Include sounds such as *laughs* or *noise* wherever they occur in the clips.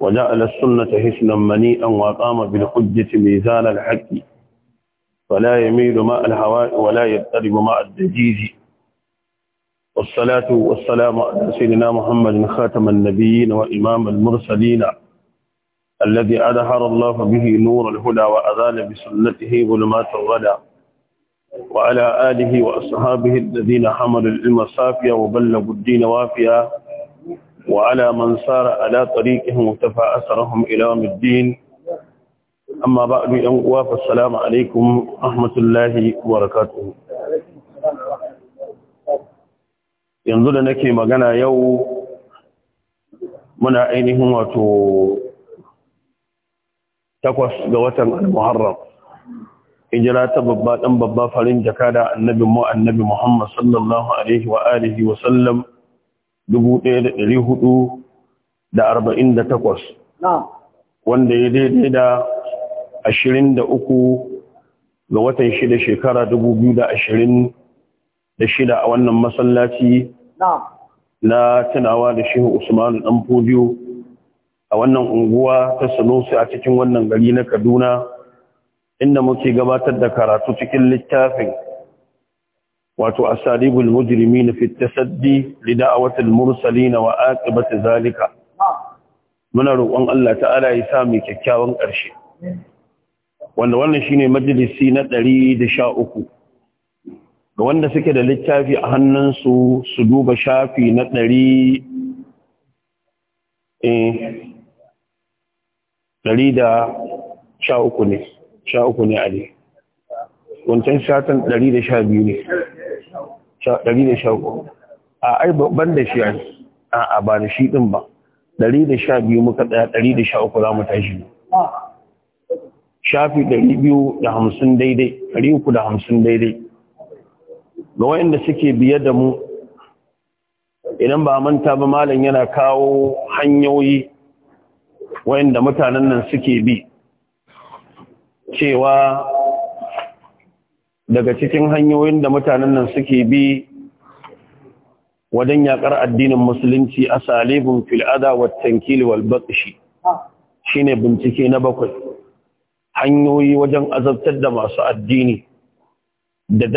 وجعل السنة حسنا منيئا وقام بالحجة ميزان الحق فلا يميل ماء الهواء ولا يضطرب ماء الدجيج والصلاة والسلام على سيدنا محمد خاتم النبيين وإمام المرسلين الذي أدهر الله به نور الهدى وأذان بسنته ظلمات الغدى وعلى آله وأصحابه الذين حملوا العلم صافيا وبلغوا الدين وافيا وعلى من صار على طريقهم وتفى أثرهم إلى يوم الدين أما بعد يوم فالسلام عليكم ورحمة الله وبركاته yanzu da nake magana yau muna ainihin wato takwas ga watan al-muharram hijira ta babba dan babba farin jaka da annabin mu annabi Muhammad sallallahu alaihi wa sallam takwas, wanda ya daidai da ashirin da uku ga watan shida shekara dubu da ashirin da shida a wannan masallaci na tunawa da shi usmanu dan fodiyo a wannan unguwa ta sanusi a cikin wannan gari na kaduna inda muke gabatar da karatu cikin littafin wato asalibul mujrimin fi tasaddi li da'awatil mursalin wa aqibati zalika muna roƙon Allah ta'ala ya sa mu kyakkyawan ƙarshe wanda wannan shine majalisi na 113 ga wanda suke da littafi a hannunsu su duba shafi na 100 eh 113 ne 13 ne ali ne wancan shatan 112 ne a ai ban da shi a ba da shi din ba Dari da sha biyu muka tsaya dari da sha uku za mu tashi shafi dari biyu da hamsin daidai dari uku da hamsin daidai ga wayanda suke biye da mu idan ba manta ba malam yana kawo hanyoyi wayanda mutanen nan suke bi cewa daga cikin hanyoyin da mutanen nan suke bi wajen yakar addinin musulunci a salihun fil'ada wa tankili wal batshi shine bincike na bakwai hanyoyi wajen azabtar da masu addini da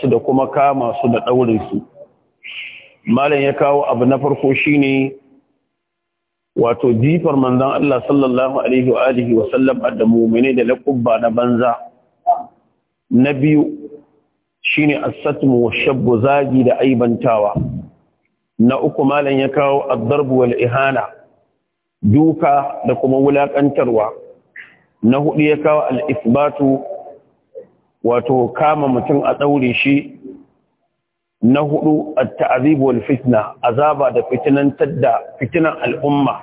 su da kuma kama su da su. malam ya kawo abu na farko shine wato jifar manzon Allah sallallahu alaihi wa alihi wa sallam da da laqabba na banza na biyu shine ne satmu wa shabbu zagi da aibantawa na uku malan ya kawo ad wal ihana duka da kuma wulakantarwa na hudu ya kawo al wato kama mutum a daure shi na hudu at wal fitna azaba da fitinan fitinan al'umma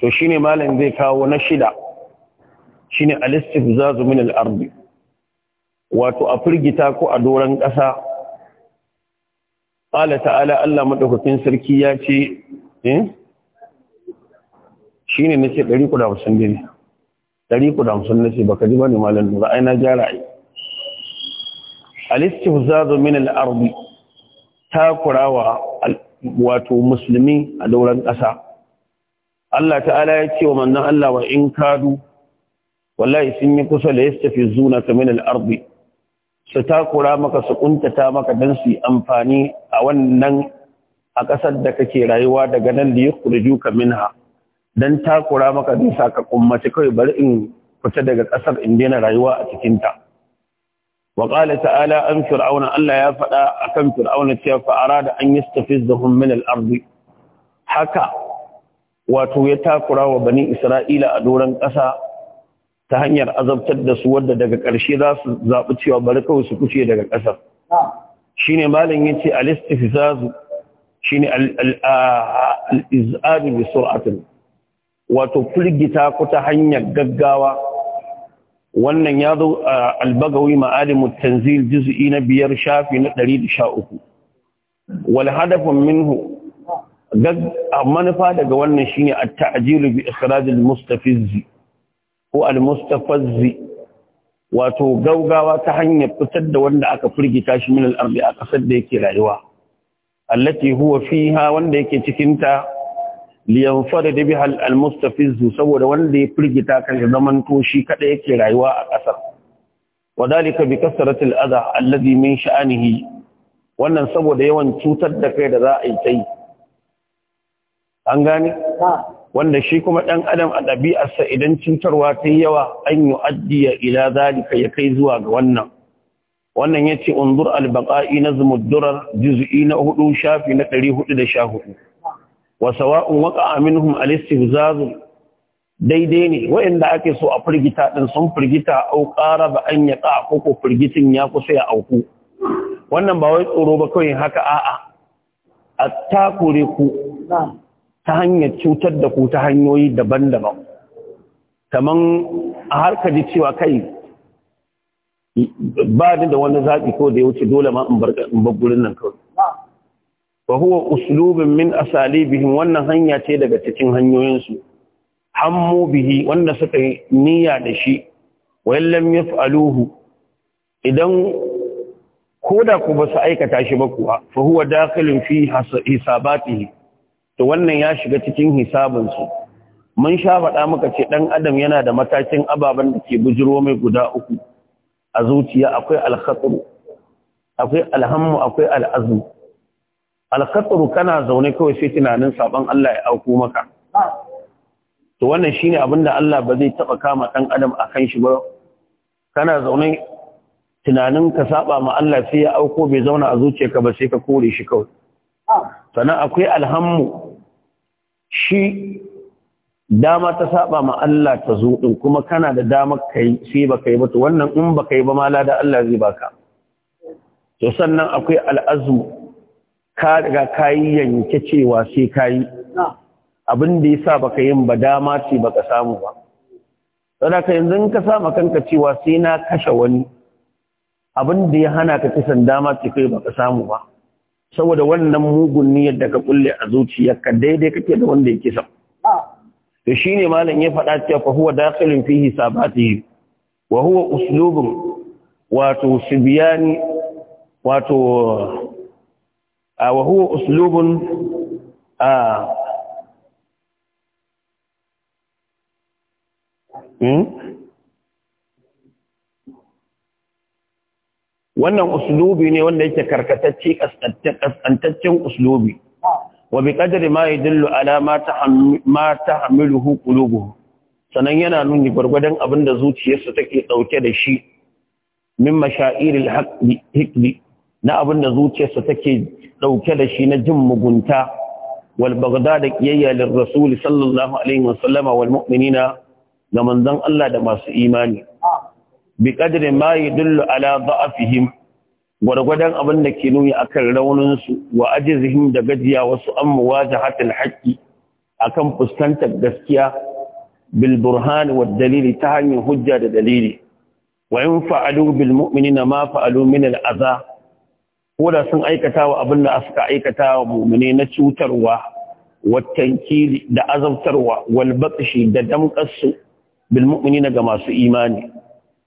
to ne malan zai kawo na shida ne al zazu min al wato a firgita ko a doron ƙasa ƙala ta'ala Allah maɗaukakin sarki ya ce eh? shi ne na ce ɗari ku da hamsin ne ɗari ku da hamsin na baka ji ba ne malin nura ai na gyara ai alistif zazo min al'arbi ta kurawa wato musulmi a doron ƙasa Allah ta'ala ya ce wa mannan Allah wa in kadu wallahi sun yi kusa da yastafi zuna ta min al'arbi su takura maka su kuntata maka don su yi amfani a wannan a ƙasar da kake rayuwa daga nan da ya kurju ka minha don takura maka don sa ka kummaci kawai bari in fita daga ƙasar in daina rayuwa a cikinta wa qala ta'ala an fir'auna Allah ya faɗa akan fir'auna cewa fa da an da min al haka wato ya takura wa bani Isra'ila a doron ƙasa ta hanyar azabtar da su wadda daga ƙarshe za su zaɓi cewa bari kawai su kuce daga ƙasar shi ne malin yin ce alistifizazu shi ne al'izadu wato firgita ku ta hanyar gaggawa wannan ya zo a albagawi ma'alimu tanzil juz'i na biyar shafi na 113 wal hadafin minhu manufa daga wannan shine at-ta'jilu bi ikhrajil mustafizi ko al-mustafazzi wato gaugawa ta hanyar fitar da wanda aka firgita shi min al-ardi a kasar da yake rayuwa allati huwa fiha wanda yake cikin ta liyanfarid biha al-mustafiz saboda wanda ya firgita kan zaman to shi kada yake rayuwa a kasar wadalika bi kasrati al-adha alladhi min sha'anihi wannan saboda yawan cutar da kai da za a yi tai an gane wanda shi kuma ɗan adam a ɗabi'arsa idan cutarwa ta yi yawa an yi addiya ila zalika ya kai zuwa ga wannan wannan ya ce unzur albaƙa'i na zumudurar juzu'i na hudu shafi na ɗari hudu da sha hudu wa sawa'un waka aminuhum alistihzazu daidai ne wa'inda ake so a firgita ɗin sun firgita au ƙara ba an ya ƙa firgitin ya kusa ya auku wannan ba wai tsoro ba kawai haka a'a a takure ku ta hanyar cutar da ku ta hanyoyi daban-daban kaman a harka ji cewa kai ba ni da wani zaɓi ko da ya wuce dole ma in in gurin nan kawai wa huwa uslubin min asalibihim wannan hanya ce daga cikin hanyoyinsu hammu bihi wanda suka yi niyya da shi wa lam yaf'aluhu idan ko da ku ba su aikata shi ba kuwa fa huwa dakhilun fi hisabatihi to wannan ya shiga cikin hisabinsu mun sha faɗa muka ce ɗan adam yana da matakin ababen da ke bujiro mai guda uku a zuciya akwai alkhatru akwai alhammu akwai al'azmu alkhatru kana zaune kawai sai tunanin saban Allah ya auku maka to wannan shine abin da Allah ba zai taba kama ɗan adam akan shi ba kana zaune tunanin ka saba ma Allah sai ya auko bai zauna a zuciyarka ba sai ka kore shi kawai sannan akwai alhammu shi dama ta saba ma Allah ta zo din kuma kana da dama kai sai baka yi ba to wannan in baka yi ba ma lada Allah zai baka to sannan akwai al'azmu ka daga kayi yanke cewa sai kayi abin da yasa baka yin ba dama ce baka samu ba saboda ka yanzu in ka sama kanka cewa sai na kashe wani abin da ya hana ka kisan dama ce kai baka samu ba saboda wannan mugun niyyar da ka kulle a zuciyarka daidai kake da wanda yake sa to shine malam ya faɗa cewa fa huwa dakhilun fi hisabatihi wa huwa uslubun wato sibiyani. wato wa huwa uslubun a hmm? wannan uslubi ne wanda yake karkatacce kaskantaccen uslubi wa bi qadri ma yadullu ala ma tahmiluhu qulubuhum sanan yana nuni gwargwadon abin da take dauke da shi min mashairil hikdi na abin da take dauke da shi na jin mugunta wal bagda da kiyayya lir rasul sallallahu alaihi wasallama wal mu'minina ga manzon Allah da masu imani bi qadri ma yadullu ala da'afihim gwargwadon abin da ke nuni akan raunin su wa ajizihim da gajiya wasu an muwajahatul haqqi akan fuskantar gaskiya bil burhan wa dalili ta hanyar hujja da dalili wa in fa'alu bil mu'minina ma fa'alu min al adha ko da sun aikata wa abin da suka aikata wa mu'mini na cutarwa watankili da azabtarwa walbaƙashi da damƙarsu bilmu'mini ga masu imani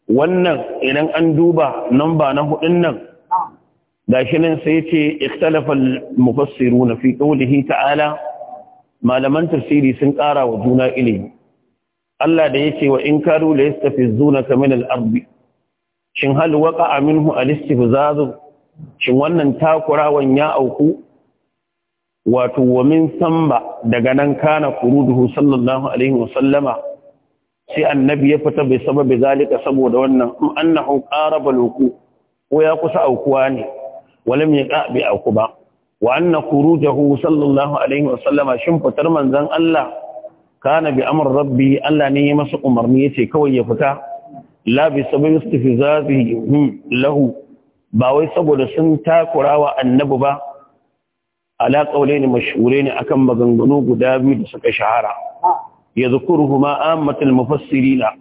wannan idan an duba namba na hudun nan shi nan sai ce ikhtalafal na fi qawlihi ta'ala malaman tafsiri sun ƙara wa juna ilimi Allah da yake wa in karu la yastafizunaka min al-ard shin hal waqa'a minhu al-istifzaz shin wannan takurawan ya auku wato wa min samba daga nan kana kuruduhu sallallahu alaihi wa sallama sai annabi ya fita bai saba bai zalika saboda wannan in annahu qaraba luku ko ya kusa aukuwa ne walam yaqa bi aukuba wa anna khurujahu sallallahu alaihi wa sallama shin fitar manzon Allah kana bi amr rabbi Allah ne ya masa umarni yace kawai ya fita la bi sababi istifzazihi hmm, lahu ba wai saboda sun takurawa annabi ba ala qaulaini mashhurin akan maganganu guda biyu da suka shahara ya zukuru kuma amatan mafassiri na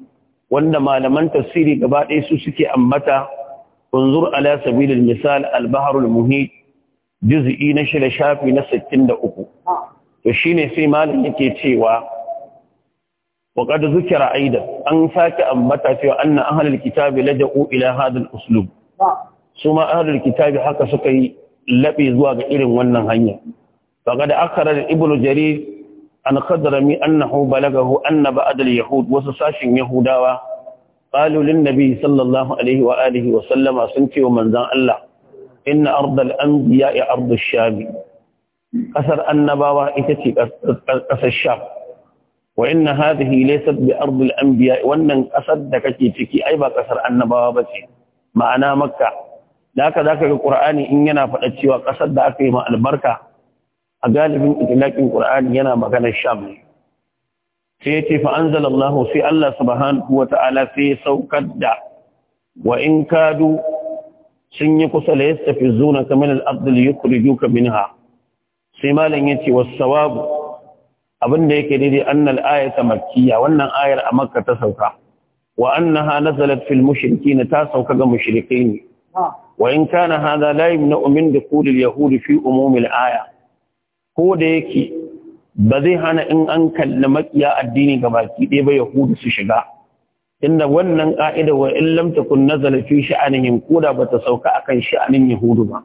wanda malaman tafsiri gaba ɗaya su suke ambata unzur ala sabilil misal al-baharul muhit juz'i na shida shafi na sittin da uku, to shine sai malam yake cewa wa qad zukira aida an saki ambata cewa anna ahlul kitabi laja'u ila hadhal uslub suma ahlul kitabi haka suka yi laɓe zuwa ga irin wannan hanya faqad akhara ibnu jarir an qadrami annahu balagahu annaba adal al-yahud wasu sashin yahudawa qalu lin-nabi sallallahu alaihi wa alihi wa sallama sun ce wa manzon Allah inna ardal anbiya ya ardu sham kasar annabawa ita ce kasar sham wa inna hadhihi laysat bi ardil anbiya wannan kasar da kake ciki ai ba kasar annabawa bace ma'ana makka da haka zaka ga qur'ani in yana faɗa cewa kasar da aka yi ma albarka a galibin itilakin Kur'ani yana maganar sham ne sai yace fa anzalallahu sai Allah subhanahu wata'ala sai saukar da wa in kadu sun yi kusa la yastafizuna kamin al duka min ha. sai malam ce was-sawabu abinda yake daidai annal ayata makkiya wannan ayar a makka ta sauka wa annaha nazalat fil mushrikin ta sauka ga mushrikin ah. wa in kana na la yamna'u na dukhul al-yahud fi umum al ko da yake ba zai hana in an kalli makiya addini ga baki ɗaya ba yahudu su shiga inda wannan ƙa'ida wa in lamta takun nazala fi sha'anihim bata sauka akan sha'anin yahudu ba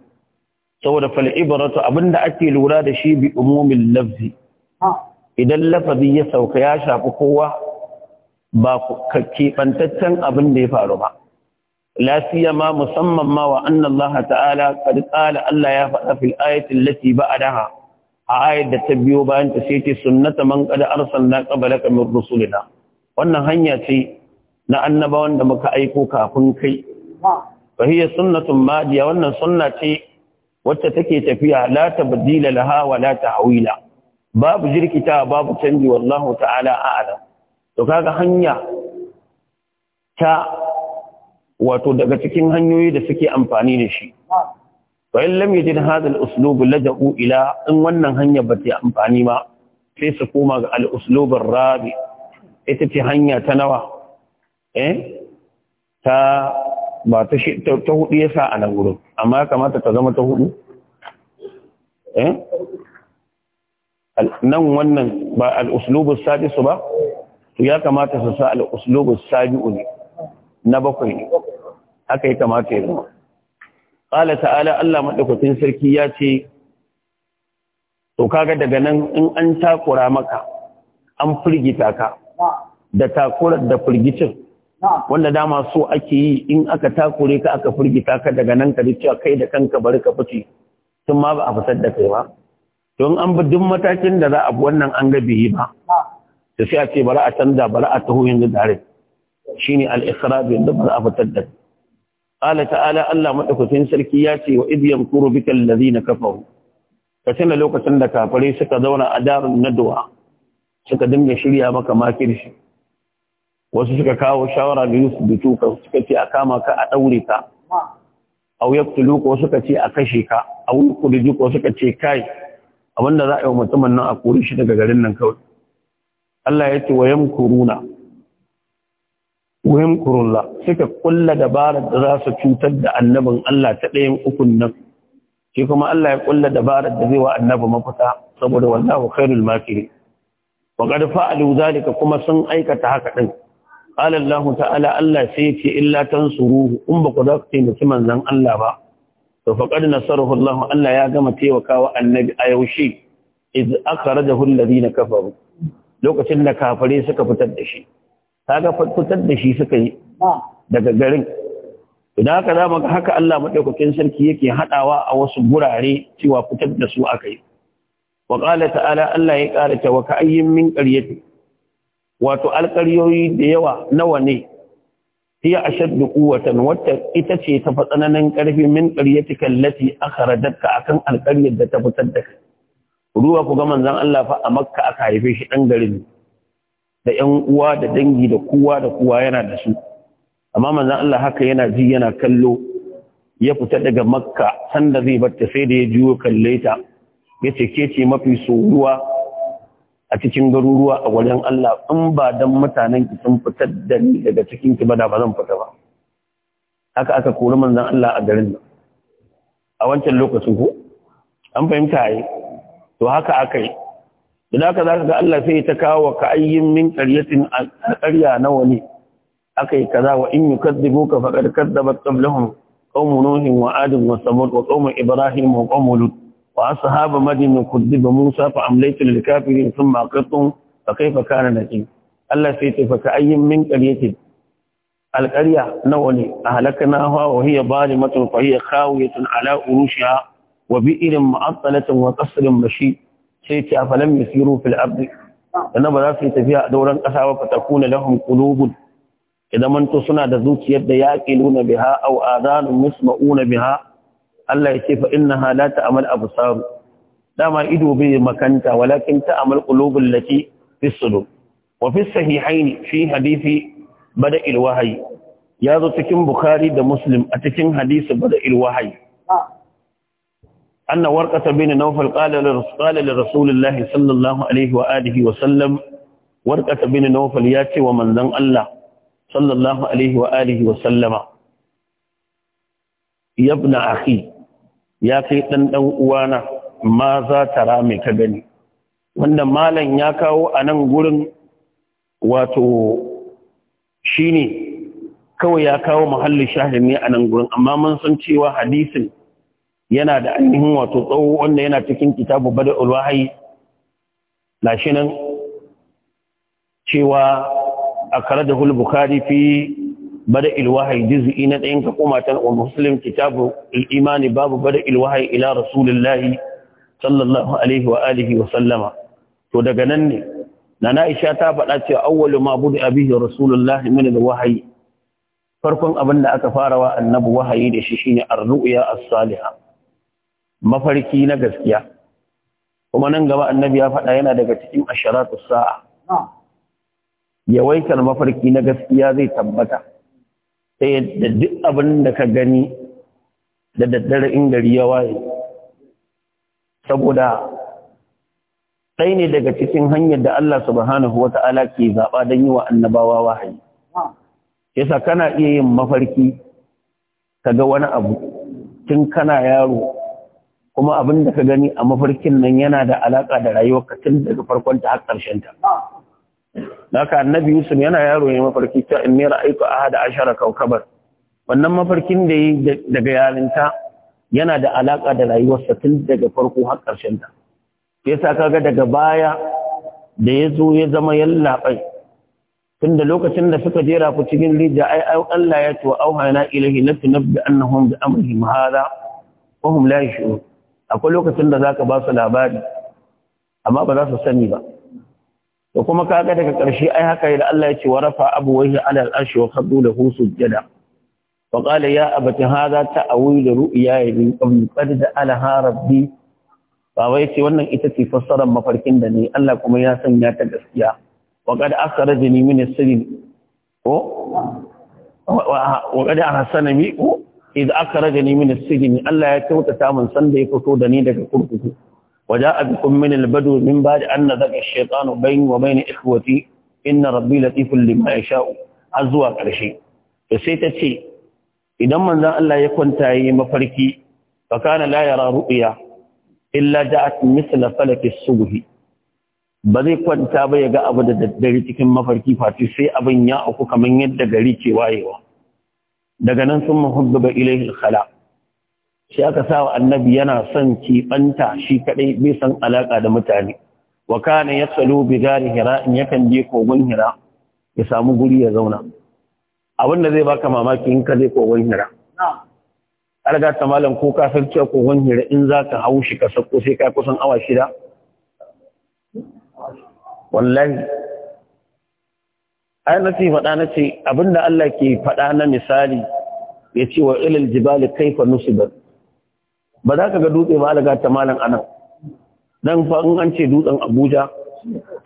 saboda fal abin da ake lura da shi bi umumin lafzi ah. idan lafazi ya sauka ya shafi kowa ba keɓantaccen abin da ya faru ba. Lafiya ma musamman ma wa annan Allah ta'ala, ƙarƙala Allah ya faɗa fil ayatin lati ba a daha, a ayar da ta biyo bayan ta sai ce sunnata man qad arsalna qablaka min rusulina wannan hanya ce na annaba wanda muka aiko kafin kai fa hiya sunnatun madiya wannan sunna ce wacce take tafiya la tabdila laha wa la ta'wila babu jirkita babu canji wallahu ta'ala a'ala to kaga hanya ta wato daga cikin hanyoyi da suke amfani da shi wa in lam yajid hadha al-uslub laja'u ila in wannan hanya ba ta amfani ba sai su koma ga al-uslub ar-rabi ita ce hanya ta nawa eh ta ba ta ta hudu yasa a nan gurin amma ya kamata ta zama ta hudu eh nan wannan ba al-uslub as-sadis ba to ya kamata su sa al-uslub as-sabi'u na bakwai ne haka ya kamata ya zama Ƙala ta'ala Allah maɗaukacin sarki ya ce to ga daga nan in an takura maka an firgita ka da takurar da firgicin wanda dama so ake yi in aka takure ka aka firgita ka daga nan ka cewa kai da kanka bari ka fice tun ma ba a fitar da kai ba don an bi duk matakin da za a bi wannan an ga yi ba da sai a ce bari a canza bari a taho yanzu dare shi ne al’isra bai za a fitar da kai qala ta'ala Allah madaukakin sarki ya ce wa idh yamkuru bika alladhina kafaru ka tana lokacin da kafari suka zauna a darun nadwa suka dinga shirya maka makirshi wasu suka kawo shawara da Yusuf da tuka suka ce a kama ka a daure ka aw yaqtulu ko suka ce a kashe ka aw yuqulu ko suka ce kai abinda za a yi wa mutumin nan a kore shi daga garin nan kawai Allah ya ce wa yamkuruna Wuhim kurulla suka kulla dabarar da za su cutar da annabin Allah ta ɗayan ukun nan shi kuma Allah ya kulla dabarar da zai wa annabi mafita saboda wallahu khairul makirin wa qad fa'alu zalika kuma sun aikata haka din qala Allah ta'ala Allah sai ya ce illa tansuruhu in ba ku za ku taimaki manzon Allah ba to faqad nasarahu Allah Allah ya gama taimakawa annabi a yaushe iz akhrajahu alladhina kafaru lokacin da kafare suka fitar da shi kaga fitar da shi suka yi daga garin idan haka za mu ga haka Allah madaukakin sarki yake hadawa a wasu gurare cewa fitar da su akai wa qala ta'ala Allah ya ƙara ta wa ka'ayyin min qaryati wato alƙaryoyi da yawa nawa ne hiya ashaddu quwwatan wata ita ce ta fatsananan karfi min qaryatika allati akhrajatka akan alƙaryar da ta fitar da kai ruwa ku ga manzon Allah fa a Makka aka haife shi dan garin da ‘yan uwa da dangi da kowa da kowa yana da su amma manzon Allah haka yana ji yana kallo ya fita daga makka sanda zai batta sai da ya juyo kalle ta ya ce ke ce mafi soruwa a cikin garuruwa a wajen Allah in ba don mutanen ki sun fitar da ni daga cikin ki bada ba zan fita ba haka aka kori manzon Allah a garin nan a wancan lokacin ko an fahimta yi to haka aka yi don haka za ka ga Allah sai ta kawo wa ayyin min ƙaryatin ƙarya na wani. aka yi kaza wa in yukazzibu ka faqad kazzabat qablahum qawmu nuhin wa adin wa samud wa qawmu ibrahim wa qawmu lut wa ashabu madin kuzziba musa fa amlaytu lil kafirin thumma aqtum fa kayfa kana nakir Allah sai ta faka ayyin min ƙaryatin alƙarya na wani. a na halakanaha wa hiya zalimatun fa hiya khawiyatun ala urushiha wa bi'rin mu'attalatin wa qasrin mashi sai ce afalam yasiru fil ardi dan ba za su yi tafiya a dauran kasa ba fatakuna lahum qulubun idan manto suna da zuciyar da nuna biha aw adanun musma'una biha Allah ya ce fa halata la abu absar dama ido bai makanta walakin ta'mal qulubul lati fi sudur wa fi sahihain fi hadisi bada ilwahayi ya zo cikin bukhari da muslim a cikin hadisi bada ilwahayi ah. أن ورقة بن نوفل قال لرسول الله صلى الله عليه وآله وسلم ورقة بن نوفل ياتي ومن ذن الله صلى الله عليه وآله وسلم يا ابن أخي يا كي دن وانا ماذا ترى مي كغني wannan malam ya kawo a nan gurin wato shine kawai ya kawo mahallin shahid ne a nan gurin amma mun san cewa hadisin yana da ainihin wato tsawo wanda yana cikin kitabu bada ulwahayi lashi nan cewa a kare da hul bukari fi bada ilwahayi jiz'i na ɗayan ka kumatan wa musulun kitabu imani babu bada ilwahayi ila rasulullahi sallallahu alaihi wa alihi wa sallama to daga nan ne na Aisha ta faɗa cewa awwalu ma budu abihi rasulullahi min alwahayi farkon abin da aka farawa annabi wahayi da shi shine ar-ru'ya as-salihah mafarki na gaskiya kuma nan gaba annabi ya faɗa yana daga cikin asharatu sa'a yawaitar mafarki na gaskiya zai tabbata sai eh, da duk abin da ka gani da daddare in gari ya waye saboda ɗaya ne daga cikin hanyar da Allah subhanahu wata'ala ke zaɓa don yi wa annabawa wahayi yasa kana iya yin mafarki ka ga wani abu tun kana yaro kuma abin da ka gani a mafarkin nan yana da alaka da rayuwar ka tun daga farkon ta har ƙarshen ta haka annabi yusuf yana yaro ne mafarki ta in mera aiko ahada ashara kaukabar wannan mafarkin da yi daga yarinta yana da alaka da sa tun daga farko har ƙarshen ta sa kaga daga baya da ya zo ya zama yallaɓai tun da lokacin da suka jera ku cikin rija ai Allah ya tuwa auha na ilahi la tunabbi annahum bi amrihim hadha wa hum la yashurun akwai lokacin da za ka ba su labari amma ba za su sani ba da kuma kaga daga ƙarshe ai haka da Allah ya ce wa rafa abuwaihi ala al'arshi wa khaddu lahu husu wa qala ya abati hadha ta'wil ru'ya min qabl qad da'alaha rabbi baba ce wannan ita ce fassarar mafarkin da ni Allah kuma ya sanya ta gaskiya wa qad akhrajani min as-sijni ko wa qad ahsanani ko aka akhrajani min mini sijn Allah ya kyautata min sanda ya fito da ni daga kurkuku waja'a bikum min al-badu min ba'di an nadaka ash-shaytanu bayni wa bayni ikhwati inna rabbi latifun lima yasha'u azwa karshe to sai ta ce idan manzon Allah ya kwanta yi mafarki fa kana la yara ru'ya illa ja'at misla falak as-subh ba zai kwanta ba ya ga abu da daddare cikin mafarki fati sai abin ya auku kaman yadda gari ke wayewa daga nan sun mahubba ilaihi khala shi aka sa wa annabi yana son kibanta shi kadai bai san alaka da mutane wa kana ya tsalo bigari hira in yakan je kogon hira ya samu guri ya zauna abin da zai baka mamaki in ka je kogon hira alga ta malam ko ka san cewa kogon hira in za ka hau shi ka sako sai ka kusan awa shida wallahi ai na ce faɗa na ce abinda Allah ke faɗa na misali ya ce wa ilil jibali kaifa nusibat ba za ka ga dutse ba alaga ta malam anan dan fa in an ce dutsen Abuja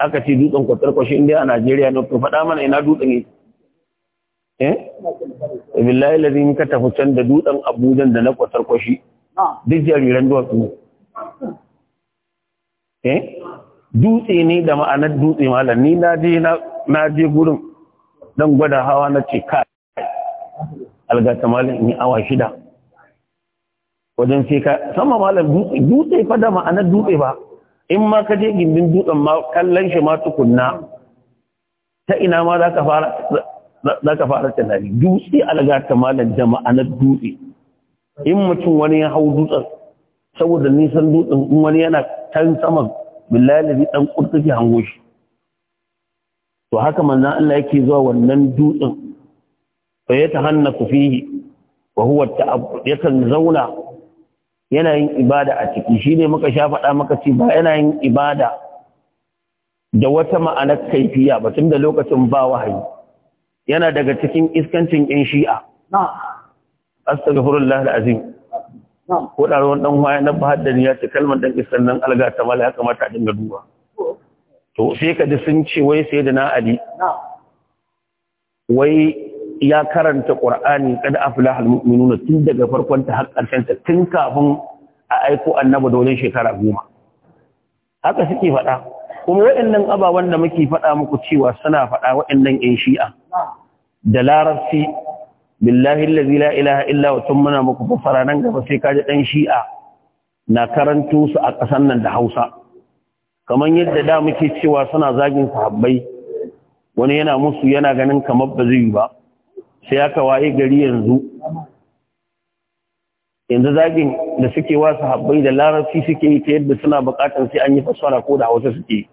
aka ce dutsen kwatarkwashi inda a Najeriya ne to faɗa mana ina dutsen ne eh billahi ladhi in ka tafi can da dutsen Abuja da na kwatarkwashi duk jariran duwatsu ne eh dutse ne da ma'anar dutse malam ni na je na je gurin dan gwada hawa na ce kai algata malam ni awa shida wajen sai ka sama malam dutse dutse fa da ma'anar dutse ba in ma ka je gindin dutsen ma kallon shi ma tukunna ta ina ma za ka fara za ka fara tunani dutse algata malam da ma'anar dutse in mutum wani ya hau dutsen saboda nisan dutsen in wani yana can saman billahi dan kurtuki hango shi to haka manzan Allah yake zuwa wannan dutsen fa ya tahannaku fihi wa huwa yakan zauna yana yin ibada a ciki shine muka sha faɗa maka ce ba yana yin ibada da wata ma'anar kaifiya ba tun da lokacin ba wahayi yana daga cikin iskancin yan shi'a astaghfirullah alazim ko da ruwan dan waya na bahaddani ya ce kalmar dan iskan nan alga ta mala ya kamata a dinga duba to sai ka ji sun ce wai sai da na ali wai ya karanta ƙada kada aflaha almu'minuna tun daga farkon ta har tun kafin a aiko annabi dolin shekara goma haka suke faɗa kuma waɗannan ababen da muke faɗa muku cewa suna faɗa waɗannan ƴan shi'a da larabci billahi allazi la ilaha illa wa tun muna muku fassara nan gaba sai ka ji ɗan shi'a na karanto su a ƙasar nan da Hausa kamar yadda da muke cewa suna zagin sahabbai wani yana musu yana ganin kamar ba zai yi ba sai aka waye gari yanzu yanzu zagin da suke wa sahabbai da larabci suke yi ta yadda suna bukatar sai an yi fassara ko da hausa suke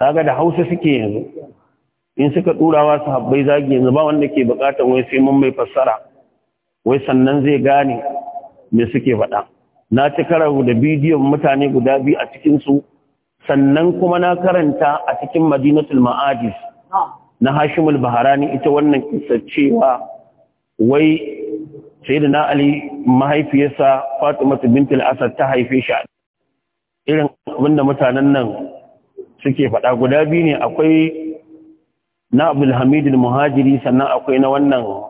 kaga da hausa suke yanzu in suka dura wa sahabbai zagi yanzu ba wanda ke bukatar wai sai mun mai fassara wai sannan zai gane me suke faɗa na ci karahu da bidiyon mutane guda biyu a cikinsu sannan kuma na karanta a cikin madinatul ma'adis na hashimul baharani ita wannan kisar cewa wai da na ali mahaifiyarsa fatimatu bintul asad ta haife shi irin da mutanen nan suke faɗa guda biyu ne akwai na abdulhamid muhajiri sannan akwai na wannan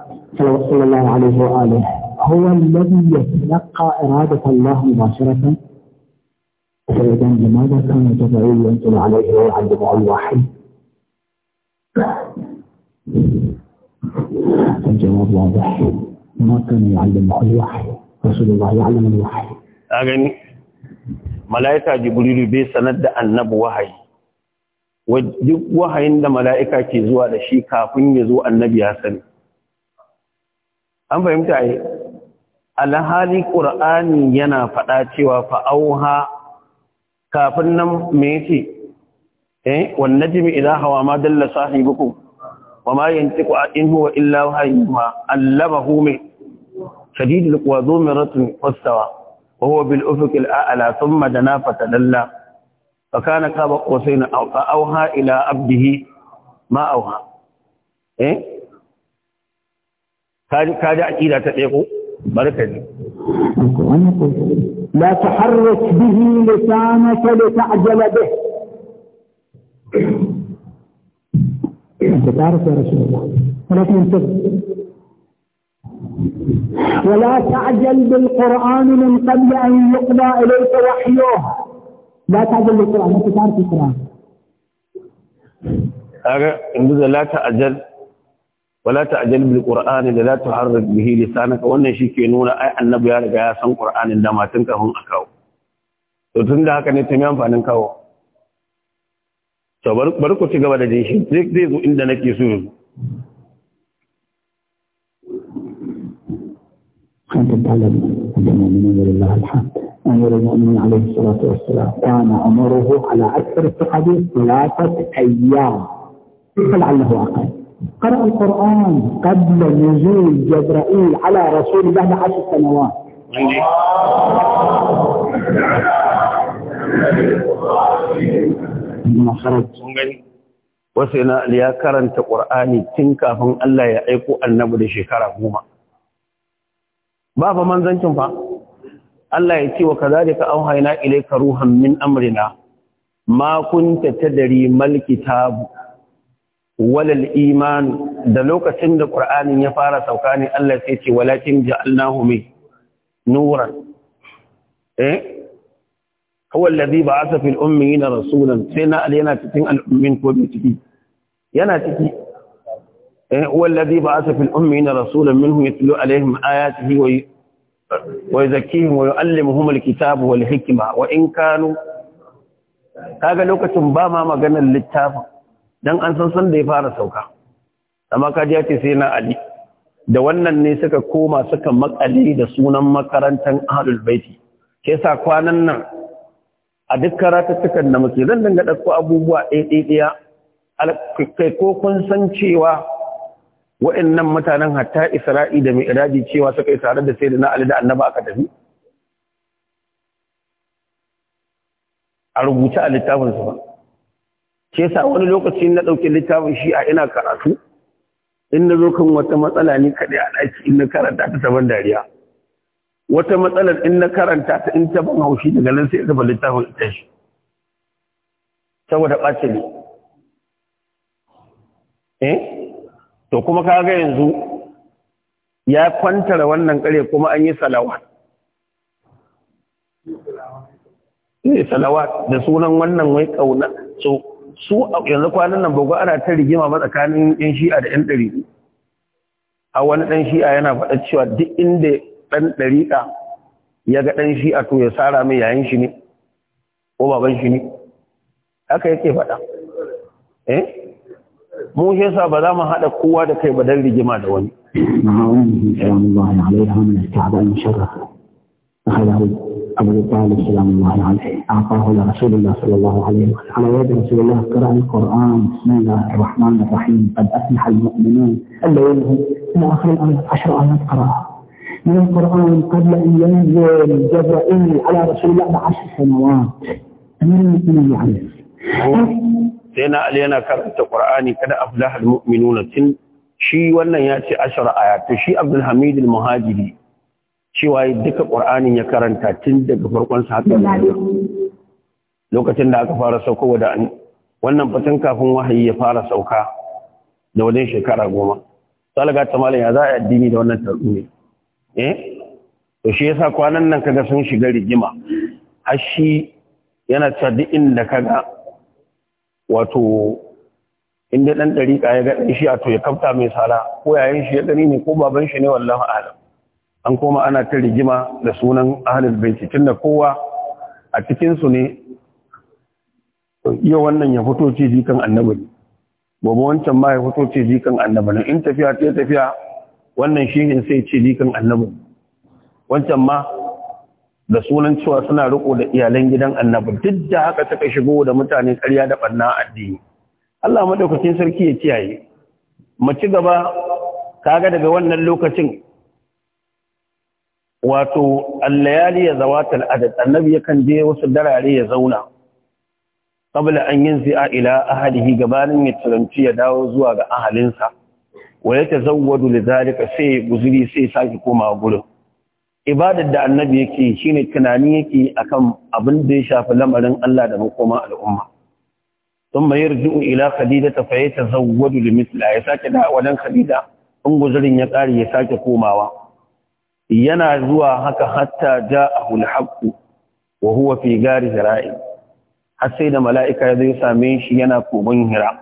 صلى الله عليه وآله هو الذي يتلقى إرادة الله مباشرة فإذا لماذا كان جبريل ينزل عليه ويعلمه الوحي؟ الجواب واضح ما كان يعلمه الوحي رسول الله يعلم الوحي أغني ملائكة جبريل بي سند وحي ودك وحي عند ملائكة كي زوا لشي كافين النبي يا an fahimta ai alhali ƙur'ani yana faɗa cewa fa'auha kafin nan me yace eh wan jimi idha hawa ma dalla sahibukum wa ma yantiqu in huwa illa wahyuha allamahu min shadidul quwa dhumratun fastawa وهو بالأفق الأعلى ثم دنا فتدلى فكان قاب قوسين أو فأوها ila عبده ma auha إيه eh, ka ji aƙida ta ɗaya ko barka ne la taharrak bihi lisanaka li ta'jala bih انت تعرف يا رسول الله ولكن انتبه ولا تعجل بالقران من قبل ان يقضى اليك وحيه لا تعجل بالقران انت تعرف القران هذا لا تعجل wala ta'jal bil qur'ani la tuharrik bihi lisanaka wannan shi ke nuna ai annabi ya riga ya san qur'anin da matan kafin a kawo to tun da haka ne ta mi amfanin kawo to bari ku ci gaba da jin shi zai zo inda nake so yanzu كانت تعلم أن المؤمنين ولله الحمد أمير المؤمنين عليه الصلاة والسلام كان عمره على أكثر التقادير ثلاثة أيام فلعله أقل قرأ القرآن قبل نزول جبرائيل على رسول بعد عشر سنوات wasu yana ya karanta ƙur'ani tun kafin Allah ya aiko annabi da shekara goma. Ba fa manzancin fa, Allah ya ce wa ka zaɗi ka ilai ka ruhan min amrina, ma kunta ta dari mal kitabu. walal iman da lokacin da ƙur'anin ya fara sauka ne Allah sai ce walakin ja'alnahu mai nuran eh huwa allazi ba'atha fil ummiyina rasulan sai na yana cikin al'ummin ko bai ciki yana ciki eh huwa allazi ba'atha fil ummiyina rasulan minhum yatlu alaihim ayatihi wa ويزكيهم ويعلمهم الكتاب والحكمة وإن كانوا kaga lokacin ba ma maganar littafin dan an san san da ya fara sauka amma kaji ya ce sai na ali da wannan ne suka koma suka makale da sunan makarantar ahlul baiti ke sa kwanan nan a duk karatattukan da muke zan dinga ɗauko abubuwa ɗaya kai ko kun san cewa wa'annan mutanen hatta isra'i da iraji cewa suka yi tare da sayyidina ali da annaba aka tafi a rubuta a littafin su ba Ke sa wani lokaci na ɗauki littafin shi a ina karatu in na zo kan wata matsala ni kaɗai a ɗaki in na karanta ta taban dariya wata matsalar in na karanta ta in ban haushi daga nan sai ya zuba littafin ita shi saboda ɓace ne eh to kuma kaga yanzu ya kwantara wannan kare kuma an yi salawa eh salawa da sunan wannan wai kauna so su yanzu kwanan nan bago ana ta rigima matsakanin yan shi'a da yan ɗari a wani ɗan shi'a yana faɗa cewa duk inda ɗan ɗariƙa ya ga ɗan shi'a to ya tsara mai yayin shi ne ko baban shi ne haka yake faɗa eh mu shi yasa ba za mu haɗa kowa da kai ba dan rigima da wani أبو طالب سلام الله عليه أعطاه لرسول الله صلى الله عليه وسلم على يد رسول الله قرأ القرآن بسم الله الرحمن الرحيم قد أفلح المؤمنون إلا هم إلى آخر الآيات عشر آيات قرأها من القرآن قبل أن ينزل جبرائيل على رسول الله عشر سنوات أمير المؤمنين يعرف سيدنا علي قرأت القرآن كذا أفلح المؤمنون سن شي shi wannan آيات شي عبد الحميد المهاجري cewa duka ƙwar'anin ya karanta tun daga farkon sa'adun lokacin da aka fara saukowa da wannan fatan kafin wahayi ya fara sauka da wajen shekara goma salaga ta malaya ya za a addini da wannan tarbi ne eh to shi yasa kwanan nan kaga sun shiga rigima har shi yana ta duk inda kaga wato inda dan dariƙa ya ga shi a to ya kafta mai sala ko yayin shi ya gani ne ko baban shi ne wallahi alam an koma ana ta rigima da sunan ahlul baiti tunda kowa a cikin su ne iya wannan ya fito ce jikan annabi gobe wancan ma ya fito ce jikan annabi in tafiya ta tafiya wannan shehin sai ce jikan annabi wancan ma da sunan cewa suna riko da iyalan gidan annabi duk da haka suka shigo da mutane ƙarya da barna addini Allah madaukakin sarki ya kiyaye mu ci gaba kaga daga wannan lokacin wato allayali ya zawata al'adad annabi yakan je wasu darare ya zauna qabla an a ila Ahadihi gabanin ya taranci ya dawo zuwa ga ahalinsa wa yatazawwadu lidhalika sai guzuri sai sake koma gurin ibadar da annabi yake shine tunani yake akan abin da ya shafi lamarin Allah da makoma al'umma thumma yarji'u ila ta fa yatazawwadu limithla ya sake da wadan khadija in guzurin ya kare ya sake komawa yana zuwa haka hatta ja ahul haqqu wa huwa fi gari hira'i har sai da mala'ika ya zai same shi yana koban hira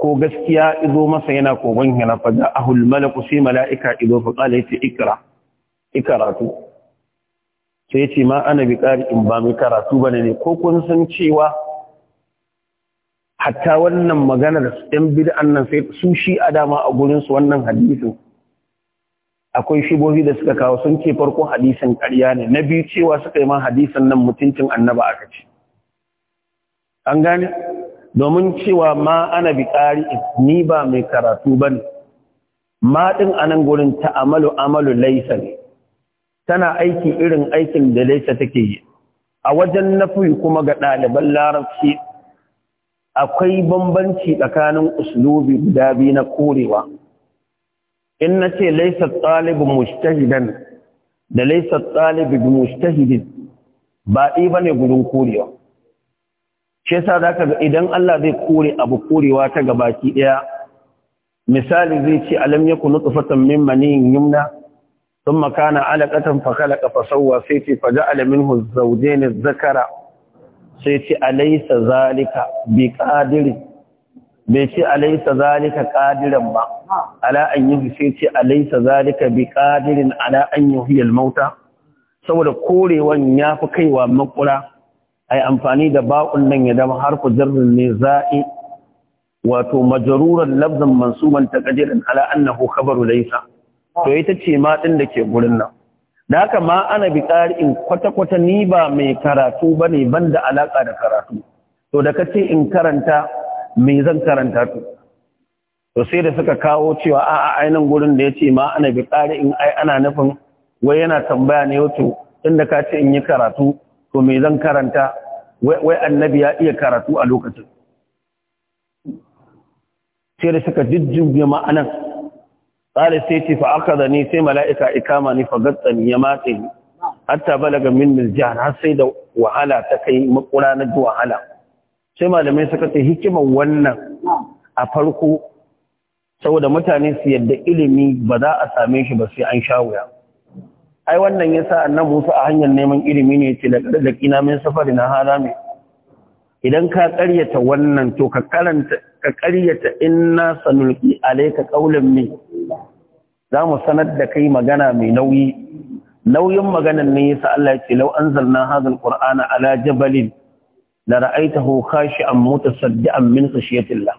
ko gaskiya izo masa yana koban hira fa ja ahul malaku sai mala'ika izo fa qala ce ikra ikaratu sai ce ma ana bi in ba mai karatu bane ne ko kun san cewa hatta wannan maganar ɗan bid'an nan sai su shi a dama a gurinsu wannan hadisin akwai shibobi da suka kawo sun ce farko hadisin ƙarya ne na biyu cewa suka yi ma hadisin nan mutuncin annaba aka ce an gane domin cewa ma ana bi ƙari ni ba mai karatu ba ne ma ɗin a nan gurin ta amalu amalu laisa ne tana aiki irin aikin da laisa take yi a wajen nafi kuma ga ɗaliban larabci akwai bambanci tsakanin uslubi guda biyu na korewa in na ce laisa talibin mustahidan da laisa talibin mustahidin ba ɗi ba ne gudun korewa ce sa za ka ga idan Allah zai kore abu korewa ta gabaki ɗaya misali zai ce alam ya yaku nutfatan min maniyin yumna sai ce علقة alamin hu zaune ne zakara sai ce alaisa zalika bi بقادر bai ce alaisa zalika qadiran ba ala an sai ce alaisa zalika bi qadirin ala an yuhi mauta saboda korewan ya fi kaiwa makura ai amfani da ba'un nan ya zama harfu jarrin ne za'i wato majruran lafzan mansuban taqdirin ala annahu khabaru laysa to ita ce ma din da ke gurin nan da haka ma ana bi in kwata-kwata ni ba mai karatu bane banda alaka da karatu to da kace in karanta me zan karanta to to sai da suka kawo cewa a a ainihin gurin da ya ce ma ana bi ƙari in ai ana nufin wai yana tambaya ne wato inda ka ce in yi karatu to me zan karanta wai annabi ya iya karatu a lokacin sai da suka jujjuge ma'anan tsari sai ce fa aka zane sai mala'ika ikama ni fa gatsani ya matse hatta balaga min jihar har sai da wahala ta kai makura na wahala sai malamai suka ce hikiman wannan a farko saboda mutane su yadda ilimi ba za a same shi ba sai an sha wuya ai wannan ya yasa annan musu a hanyar neman ilimi ne ce da kina mai safari na harami idan ka ƙaryata wannan to ka karanta ka ƙaryata inna sanulki alayka qawlan min za mu sanar da kai magana mai nauyi nauyin maganan ne sa Allah ya ce law anzalna hadha alqur'ana ala jabalin la ra'aitahu khashi'an mutasaddian min khashiyatillah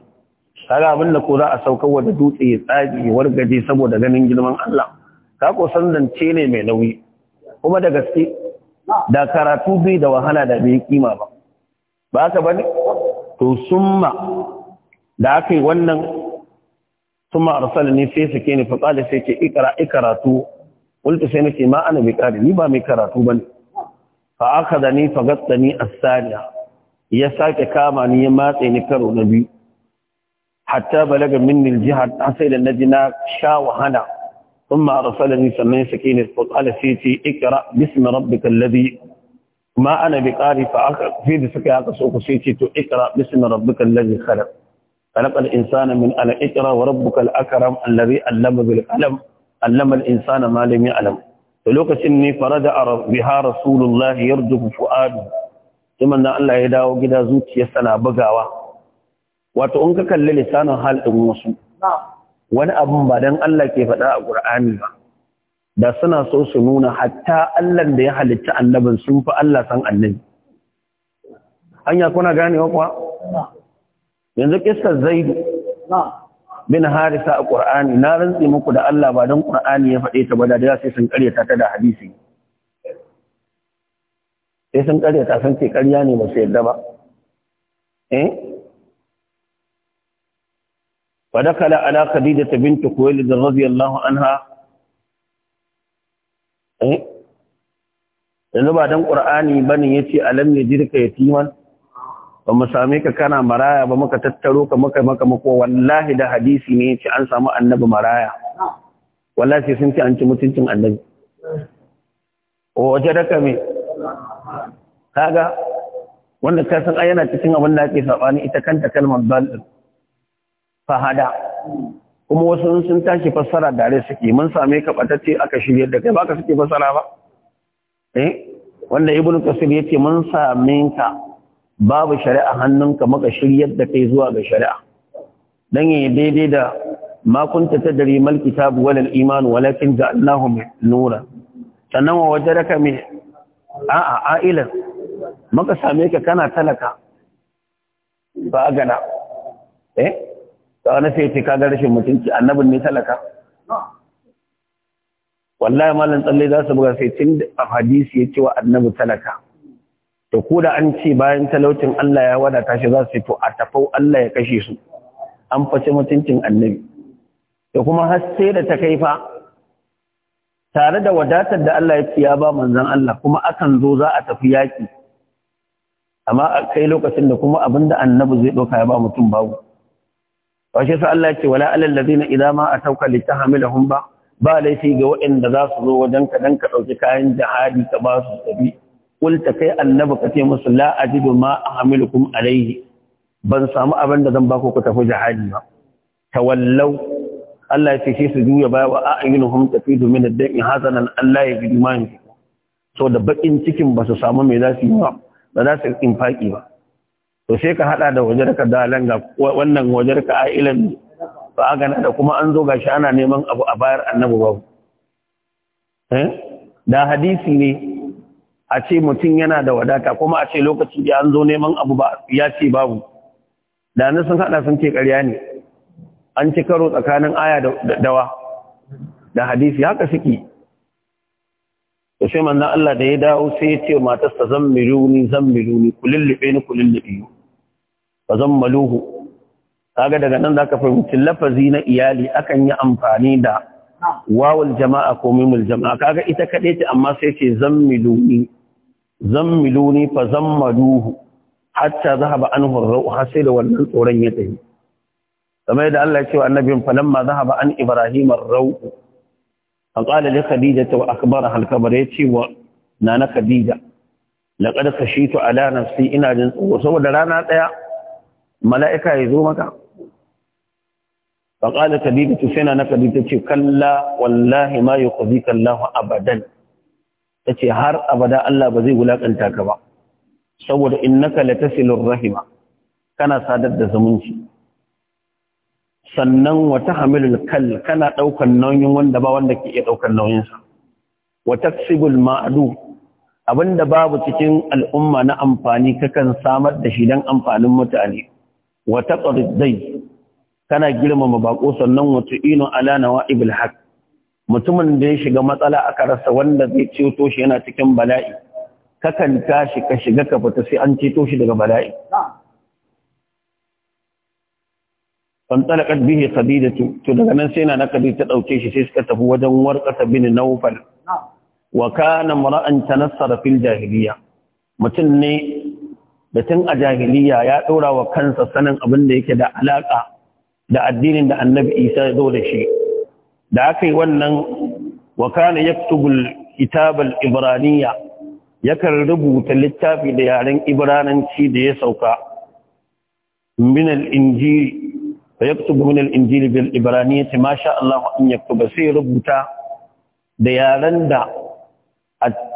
kaga abin da ko za a saukar wa da dutse ya tsage ya wargaje saboda ganin girman Allah ka ko zance ne mai nauyi kuma da gaske da karatu bai da wahala da bai kima ba ba ka bane to summa da aka yi wannan summa ne sai sake ni fa qala sai ce ikra ikratu qultu sai nake ma ana bi ni ba mai karatu bane fa akhadani fa gattani a saniya ya sake kama ni ya matse ni karo na biyu hatta balaga minnil jihar ta sai da naji na sha wahala sun ma rasala ni sannan ya sake ni tsotsala sai ce ikira bismi rabbika alladhi ma ana bi qari fa aka fi da suka aka so ku sai ce to ikira bismi rabbika alladhi khalaq خلق الانسان من على اقرا وربك الاكرم الذي علم بالقلم علم الانسان ما لم يعلم فلوكسني فرجع بها رسول الله يرجف فؤاده sai manzon Allah ya dawo gida zuciya na bugawa wato in ka kalli lisanin hal din wasu wani abun ba dan Allah ke faɗa a Qur'ani ba da suna so su nuna hatta Allah da ya halitta annabin sun fi Allah san annabi anya kuna gane ganewa kuwa yanzu kissar Zaidu bin harisa a ƙur'ani na rantse muku da Allah ba dan ƙur'ani ya faɗe ta ba da sai sun ƙaryata ta da hadisi sai sun ƙarya ta san ce ƙarya ne ba su yadda ba eh wa dakala ala khadija bint khuwailid radiyallahu anha eh yanzu ba dan qur'ani bane yace alam yajirka yatiman ba mu same ka kana maraya ba muka tattaro ka muka maka mako wallahi da hadisi ne yace an samu annabi maraya wallahi sai sun ce an ci mutuncin annabi o waje daka me kaga wanda ka san yana cikin abin da ake sabani ita kanta kalmar dal fahada kuma wasu sun tashi fassara rai suke mun same ka batacce aka shirye da kai baka suke fassara ba eh wanda ibnu kasir yace mun same ka babu shari'a hannunka muka shiryar da kai zuwa ga shari'a dan yayi daidai da ma kunta tadri mal kitab wal iman walakin ja'alnahum Nura, sannan wa wajadaka min a'a a'ilan maka same ka kana talaka ba gana eh ta na sai ce ga rashin mutunci annabin ne talaka wallahi mallan tsalle za su buga sai tun a hadisi ya ce wa annabi talaka to ko da an ce bayan talaucin Allah ya wada shi za su to a tafau Allah ya kashe su an face mutuncin annabi to kuma har sai da ta kai fa. tare da wadatar da Allah ya ya ba manzan Allah kuma akan zo za a tafi yaki amma a kai lokacin da kuma abinda annabi zai ɗauka ya ba mutum babu washe sa Allah ya ce wala alal ladina idza ma atauka litahmilahum ba ba laifi ga waɗanda za su zo wajen ka dan ka ɗauki kayan jihadi ka ba su tabi kulta kai annabi ka ce musu la ajidu ma ahmilukum alaihi ban samu abin da zan ba ku ku tafi jihadi ba tawallau Allah ya ce shi su juya baya wa hum tafidu min ad-da'i hasanan Allah ya gidi man so da bakin cikin ba su samu me za su yi ba ba za su infaki ba to sai ka hada da wajarka ga wannan a ailan ba a gana da kuma an zo gashi ana neman abu a bayar annabi babu eh? da hadisi ne a ce mutum yana da wadata kuma a ce lokaci da an zo neman abu ba ya ce babu da sun hada sun ce ƙarya ne an ci karo tsakanin aya da dawa da hadisi haka suke sai manzon Allah da ya dawo sai ya ce matarsa zammiruni zammiruni kulillibe ni kulillibe fa zammaluhu kaga daga nan zaka fahimci lafazi na iyali akan yi amfani da wawul jama'a ko mimul jama'a kaga ita kaɗai ce amma sai ce zammiluni zammiluni fa hatta zahaba anhu ar-ruh sai da wannan tsoron ya tafi kamar da Allah cewa annabin falamma zahaba an ibrahim ar-rau faqala li khadija wa akbara al-kabar yace wa nana khadija laqad kashitu ala nafsi ina jin saboda rana daya mala'ika yazo maka faqala khadija sai nana khadija ce kalla wallahi ma yuqzika Allah abadan tace har abada Allah ba zai wulakanta ka ba saboda innaka latasilur rahima kana sadar da zumunci sannan wata hamilul kal kana ɗaukan nauyin wanda ba wanda ke iya ɗaukan nauyinsa wata sibul ma'adu abinda babu cikin al'umma na amfani kakan samar da shi don amfanin mutane wata dai, kana girmama baƙo sannan wata ino ala na wa'ibul haƙ mutumin da ya shiga matsala aka rasa wanda zai ceto shi yana cikin bala'i kakan tashi ka shiga ka fita sai an ceto shi daga bala'i fantalaqat bihi khadijatu to daga nan sai na na khadija ta dauke shi sai suka tafi wajen warqata bin nawfal wa kana mar'an tanassara fil jahiliya mutum ne da tun a jahiliya ya ɗora wa kansa sanin abin da yake da alaƙa da addinin da annabi isa ya zo da shi da aka yi wannan wakana ya tubul kitabal ibraniya yakan rubuta littafi da yaren ibrananci da ya sauka minal injiri fa yaktubu min al-injili bil ibraniyyati ma sha Allah an yaktuba sai rubuta da yaren da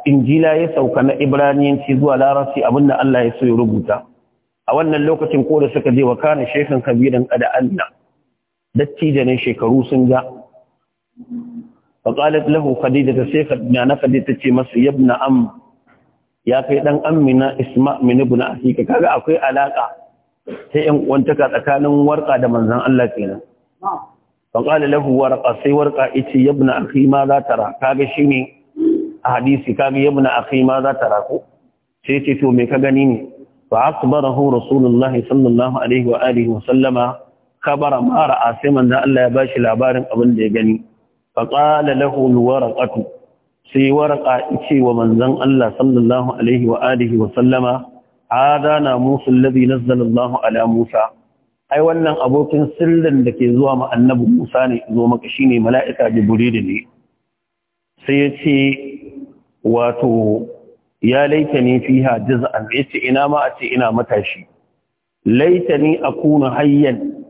injila ya sauka na ibraniyanci zuwa abin da Allah ya so ya rubuta a wannan lokacin ko da suka je wa kana kabiran qad ne shekaru sun ga فقالت له خديجة سيخ ابن نفدي ta ce يبن أم يا كي دان أمنا اسمع من ابن أخيك كاغا akwai علاقة sai ‘yan uwantaka tsakanin warƙa da manzan Allah kenan. Faƙali lahu warƙa sai warƙa ita yabna akhi ma za ta ra, kaga shi ne a hadisi kaga yabna akhi ma za ta ra ko? Sai ce to me ka gani ne? Fa akbarahu Rasulullah sallallahu alaihi wa alihi wa sallama kabara ma ra'a sai manzan Allah ya bashi labarin abin da ya gani. Faƙali lahu waraqatu sai warƙa ce wa manzan Allah sallallahu alaihi wa alihi wa sallama na musu alladhi nazzala Allah ala Musa ai wannan abokin sirrin da ke zuwa ma annabi Musa ne zo maka shi ne mala'ika da ne sai ce wato ya laitani an ya ce ina ma a ce ina matashi a kuna hayyan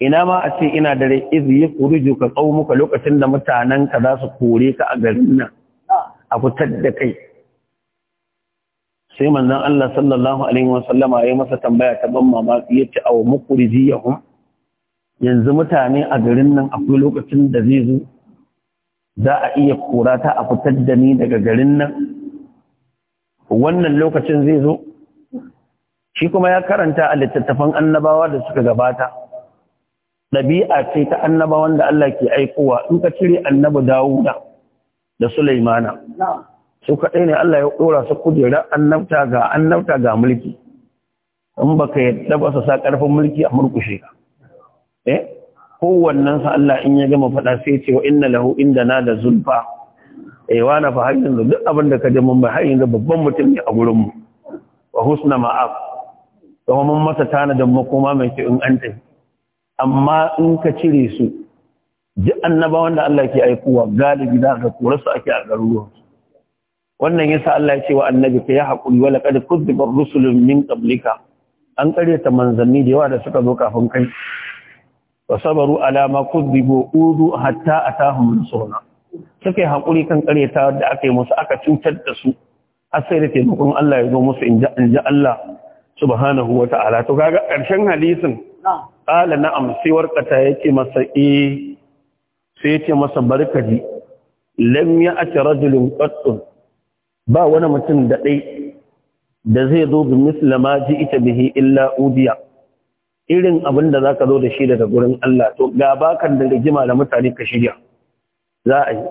ina ma a ce ina dare iz yukhrijuka qaumuka lokacin da mutanenka za su kore ka a garin nan a fitar da kai sai manzon Allah sallallahu alaihi wasallama ya yi masa tambaya ta ban mamaki yace aw yahun yanzu mutane a garin nan akwai lokacin da zai zo za a iya kura ta a fitar da ni daga garin nan wannan lokacin zai zo shi kuma ya karanta a littattafan annabawa da suka gabata ɗabi'a ce ta annabawan wanda Allah ke aikowa in ka cire annabi Dawuda da Sulaimana su kaɗai ne Allah ya ɗora su kujerar annabta ga annabta ga mulki in ba ka yadda ba su sa ƙarfin mulki a murkushe ka eh kowannen sa Allah in ya gama faɗa sai ce wa inna lahu inda na da zulfa eh na fa har da duk abin da ka ji mun ba har yanzu babban mutum ne a gurin mu wa husna ma'af kuma mun masa tanadin makoma mai kyau in an tafi amma in ka cire su duk annabawan wanda Allah ke aikowa galibi za ka kore ake a garuruwa. wannan yasa Allah ya ce wa annabi ka yi haƙuri wa laqad kuzziba rusulun min qablika an ƙaryata manzanni da yawa da suka zo kafin kai wa sabaru ala ma kuzzibu udu hatta atahum nusruna suka yi haƙuri kan ƙaryata da aka yi musu aka cutar da su har sai da taimakon Allah ya zo musu in ji Allah subhanahu wa ta'ala to kaga karshen hadisin qala na'am sai warkata yake masa eh sai yake masa barkaji lam ya'ti rajulun qattun ba wani mutum da ɗai da zai zo bi mislama ji ita bihi illa udiya irin abin da zaka zo da shi daga gurin Allah to ga bakan da rigima da mutane ka shirya za a yi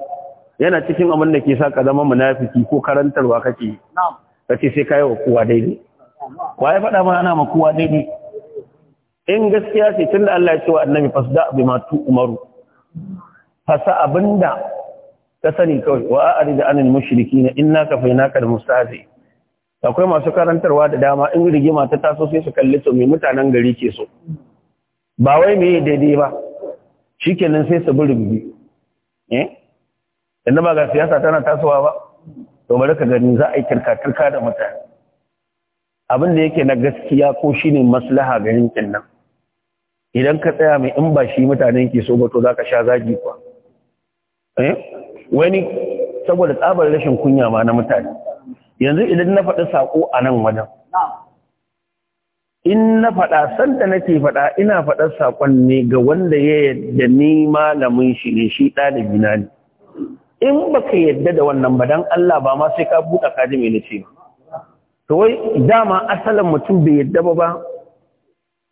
yana cikin abin da ke sa ka zama munafiki ko karantarwa kake yi. ka ce sai ka yi wa kowa daidai wa ya faɗa ma ana ma kowa daidai in gaskiya ce tun da Allah ya ce wa annabi fasda bi ma tu umaru fasa abinda ka sani kawai wa da anil na inna na da mustahzi akwai masu karantarwa da dama in rigima ta taso sai su kalli to mai mutanen gari ke so ba wai yi daidai ba shi kenan sai su buru bibi eh inda ba ga siyasa tana tasowa ba to bari ka gani za a yi kirka-kirka da mutane abin da yake na gaskiya ko shine maslaha ga yankin nan idan ka tsaya mai in ba shi mutanen ke so ba to za ka sha zagi kuwa eh wani saboda tsabar rashin kunya ma na mutane yanzu idan na faɗi saƙo a nan wajen in na faɗa sanda nake faɗa ina faɗar saƙon ne ga wanda ya yadda ni malamin shi ne shi ɗalibi na ne in baka yadda da wannan ba don Allah ba ma sai ka buɗe kaji mai nace to wai dama asalin mutum bai yadda ba ba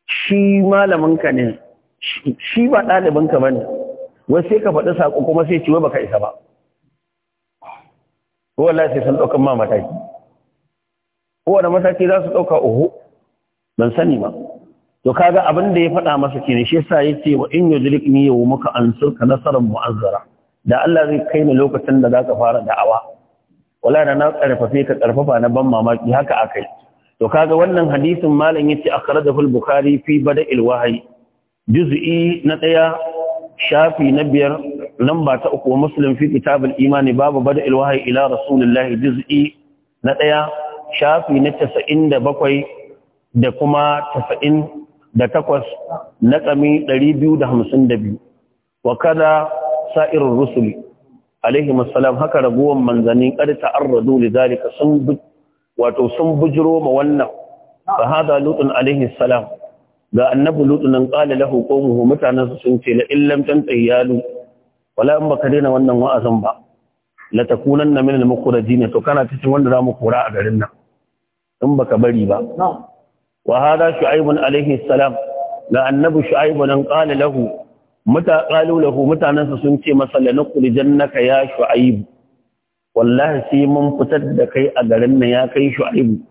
shi malamin ne shi ba ɗalibinka ba ne. wai sai ka faɗi saƙo kuma sai ciwo baka isa ba ko wallahi sai sun ɗaukan ma mataki wani mataki za su ɗauka uhu ban sani ba to kaga abin da ya faɗa masa kenan shi yasa ya ce wa in yudrik ni yau muka ka nasarar mu'azzara da Allah zai kai ni lokacin da za ka fara da'awa wala da na karfafe ka karfafa na ban mamaki haka akai to kaga wannan hadisin malam yace akhrajahu al-bukhari fi bada'il wahyi juz'i na ɗaya. shafi na biyar lamba ta uku muslim fi kitabul imani babu bada ilwahi ila rasulullahi juz'i na ɗaya shafi na casa'in da bakwai da kuma casa'in da takwas na ƙami ɗari biyu da hamsin da biyu wa kada sa'irin rusuli alaihi masalam haka ragowar manzanni ƙarta an radu da zalika sun wato sun bujiro ma wannan ba hada lutun alaihi salam ga annabi lutu nan qala lahu qawmuhu sun ce la illam wala in baka daina wannan wa'azin ba la takunanna min al mukhrajin to kana cikin wanda za mu kora a garin nan in baka bari ba wa hada shu'aibun alaihi salam ga annabi shu'aibun nan qala lahu muta qalu lahu sun ce masa la jannaka ya shu'aib wallahi sai mun fitar da kai a garin nan ya kai shu'aib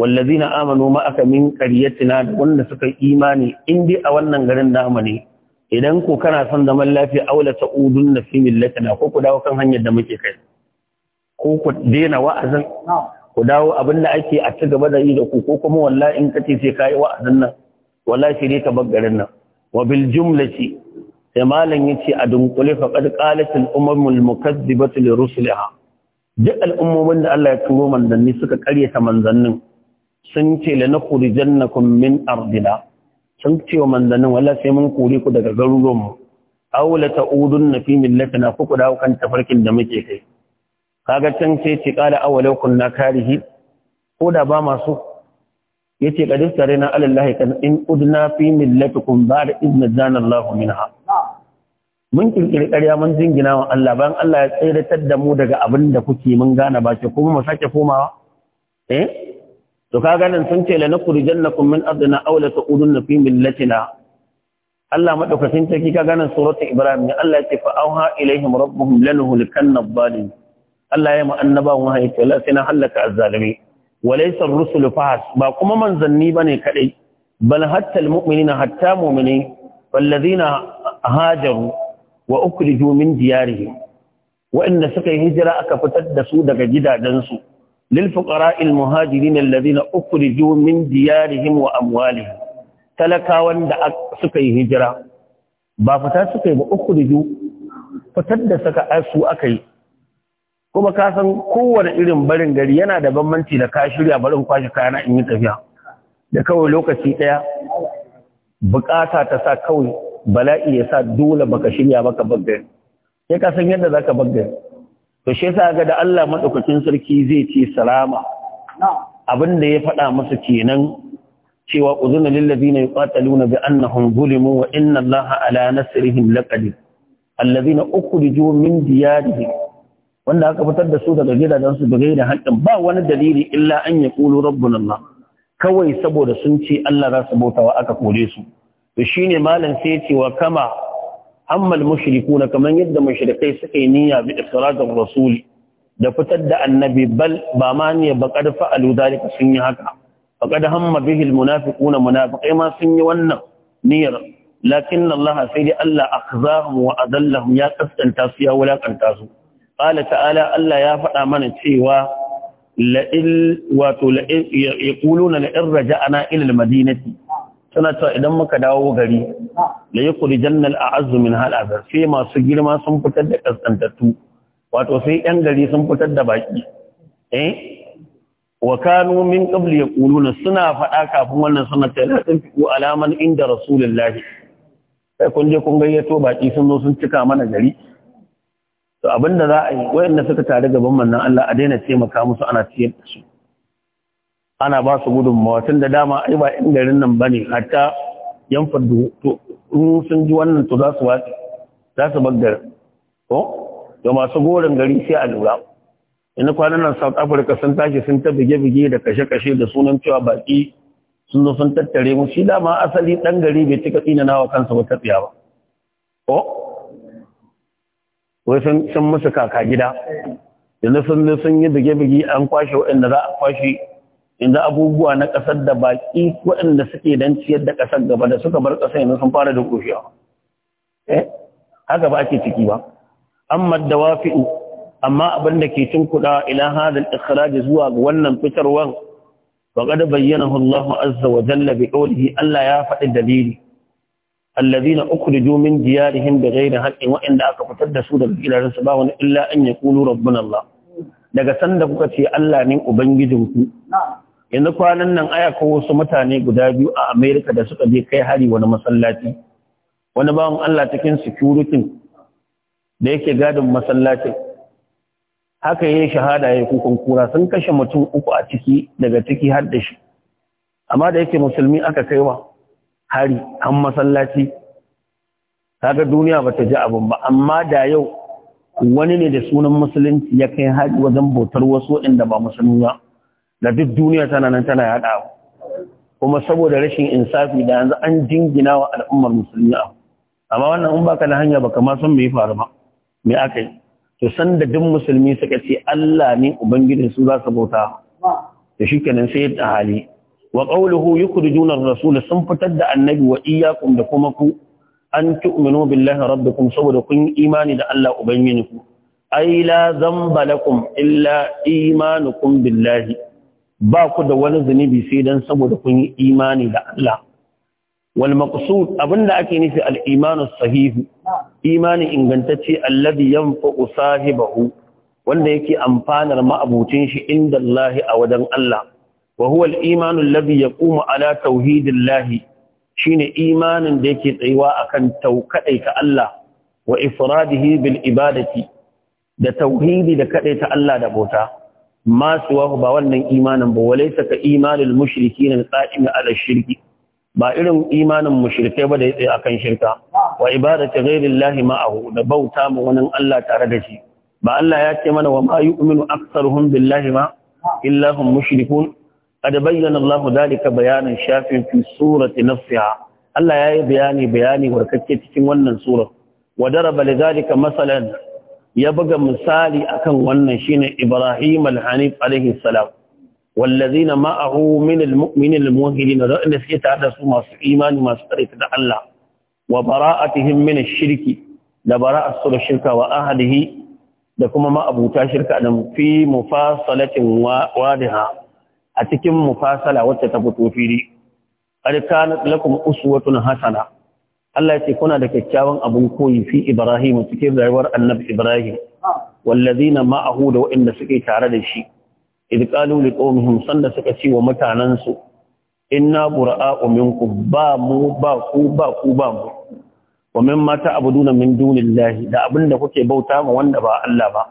wallazina amanu ma aka min qaryatina da wanda suka imani in dai a wannan garin namu ne idan ko kana son zaman lafiya aula ta'udun na fi millatina ko ku dawo kan hanyar da muke kai ko ku dena wa'azin ku dawo abin da ake a ci gaba da yi da ku ko kuma wallahi in kace sai kai wa'azin nan wallahi sai ka bar garin nan wa bil jumlati sai malam yace a dunkule faqad qalat al umamul mukaththibatu li duk al'ummomin da Allah ya turo manzanni suka karyata manzannin sun ce la nakhrijannakum min ardina sun ce wa manzannin wala sai mun kuri ku daga garuruwan mu ta Udun na fi millatina ku dawo kan tafarkin da muke kai kaga can sai ce qala awalau kunna karihi ko da ba masu yace qad istarina ala allahi kan in udna fi millatikum ba'da idna zana allah minha mun kirkiri ƙarya mun jingina wa Allah bayan Allah ya tsiratar da mu daga abin da kuke mun gane ba ke kuma mu sake komawa eh to ka ganin sun ce lanakhrujannakum min ardina aw la taqudunna fi millatina Allah madaukakin sarki ka ganin suratul ibrahim ne Allah ya ce fa auha ilaihim rabbuhum lanuhlikanna kan dhalimin Allah ya ma annabawan wahayi ce la sina halaka adh walaysa ar-rusulu fahas ba kuma manzanni bane kadai bal hatta al-mu'minina hatta mu'mini wallazina hajaru wa ukhriju min diyarihim wa'anda suka yi hijira aka fitar da su daga gidajensu Lilfu ƙara'il muhajiri na ladina uku da jumin biyar da himu a muhalli. Talakawan da suka yi hijira ba fita suka yi ba uku da juma'u. Fitar saka asu aka yi. Kuma kasan kowane irin barin gari yana da bambanci da ka shirya barin don kwashe kayana in yi tafiya. Da kawai lokaci ɗaya bukata ta sa kawai Bala'i ya sa dole ba shirya ba ka bangare. Ya kasan yadda zaka ka to shi yasa ga da Allah madaukakin sarki zai ce salama abin da ya faɗa masa kenan cewa uzuna lil ladina yuqataluna bi annahum zulimu wa inna Allaha ala nasrihim laqadir alladhina ukhriju min diyarihim wanda aka fitar da su daga gidajensu da gaira ba wani dalili illa an ya ƙulu rabbun Allah kawai saboda sun ce Allah za su bauta wa aka kore su to shine malam sai ya ce wa kama ammal mushrikuna kamar yadda mushrikai suka yi niyya bi israrul rasul da fitar da annabi bal ba ma ne ba karfa alu zalika sun yi haka faqad hamma bihi al munafiquna munafiqai ma sun yi wannan niyyar lakin Allah sai dai Allah akhzahum wa adallahum ya kaskanta su ya wulakanta su qala ta'ala Allah ya faɗa mana cewa la'il wato la'il yaquluna la'in raja'ana ila madinati suna cewa idan muka dawo gari ah. la yukhrijan a azumin min hal sai masu girma sun fitar da kaskantattu wato sai yan gari sun fitar da baki eh wa kanu min qabl yaquluna suna faɗa kafin wannan suna ta la tunfiqu alaman inda rasulullah sai kun je kun gayyato baƙi sun zo sun cika mana gari to abinda za a yi wayanda suka tare gaban mannan Allah a daina taimaka musu ana ciyar da su ana ba su gudunmawa tun da dama ai ba in garin nan ba ne, hatta yan faddu to in sun ji wannan to za su wace, za su bagar ko Da masu goron gari sai a lura ina kwanan nan South Africa sun tashi sun ta bige-bige da kashe-kashe da sunan cewa baki sun zo sun tattare mu shi dama asali dan gari bai cika tsina nawa kansa ba tafiya ba ko wai sun musu kaka gida yanzu sun sun yi bige-bige an kwashe waɗanda za a kwashe yanzu abubuwa na ƙasar da baƙi waɗanda suke don ciyar da ƙasar gaba da suka bar ƙasar yanzu sun fara da ƙoshiya eh haka ba ake ciki ba amma da wafi'u amma abin da ke cin kuɗa ila hadal da zuwa ga wannan fitarwan wa qad bayyanahu Allah azza wa jalla bi Allah ya faɗi dalili alladhina ukhriju min diyarihim bighayri haqqin wa waɗanda aka fitar da su daga gidajen su ba wani illa an yaqulu rabbuna Allah daga sanda kuka ce Allah ne ubangijinku yanzu kwanan nan aya ko wasu mutane guda biyu a Amerika da suka je kai hari wani masallaci wani bawan Allah cikin security da yake gadin masallacin haka yayi shahada yayi kukan kura sun kashe mutum uku a ciki daga ciki har da shi amma da yake musulmi aka kaiwa hari an masallaci kaga duniya bata ji abin ba amma da yau wani ne da sunan musulunci ya kai hari wajen bautar wasu inda ba musulmi ba da duk duniya tana nan tana yaɗa kuma saboda rashin insafi da yanzu an jingina wa al'ummar musulmi A amma wannan in baka da hanya baka ma san me ya faru ba me aka yi to san da duk musulmi suka ce Allah ne ubangijin su za su bauta to shikenan sai ya hali wa qawluhu yukhrijuna ar-rasul sun fitar da annabi wa iyyakum da kuma ku an tu'minu billahi rabbikum saboda kun imani da Allah ubangijinku ay la zamba lakum illa imanukum billahi ba ku da wani zunubi sai dan saboda kun yi imani da Allah wal maqsud abinda ake nufi al imanu sahih imani ingantacce alladhi yanfa'u sahibahu wanda yake amfanar ma'abucin shi inda Allah a wajen Allah wa huwa al imanu alladhi yaqumu ala tauhidillahi shine imanin da yake tsayuwa akan taukadaita Allah wa ifradihi bil ibadati da tauhidi da kadaita Allah da bauta ma ba wannan imanin ba saka imanin imanul mushrikin qa'im ala shirki ba irin imanin mushrikai ba da ya tsaye akan shirka wa ibadatu ghayrillahi ma'ahu da bauta mu wani Allah tare da shi ba Allah ya ce mana wa ma yu'minu aktsaruhum billahi ma illa hum mushrikun قد بين الله ذلك بيانا شافيا في سورة Allah ya yi bayani بياني وركتك cikin wannan sura وضرب لذلك مثلا ya buga misali akan wannan shine Ibrahim al-Hanif alaihi salam wallazina ma'ahu min al-mu'minin al-mu'minin da suke tare da su masu imani masu tsarita da Allah wa bara'atihim min ash-shirki da bara'at su da shirka wa ahlihi da kuma ma'abuta shirka da fi mufasalatin wadiha a cikin mufasala wacce ta fito fili qad lakum uswatun hasana Allah ya ce kuna da kyakkyawan abun koyi fi Ibrahim cikin rayuwar Annabi Ibrahim wallazina ma'ahu da waɗanda suke tare da shi idh qalu liqawmihim sanda suka ce wa mutanansu inna bura'a'u minkum ba mu ba ku ba ku ba mu wa mimma ta'buduna min dunillahi da abinda kuke bauta ma wanda ba Allah ba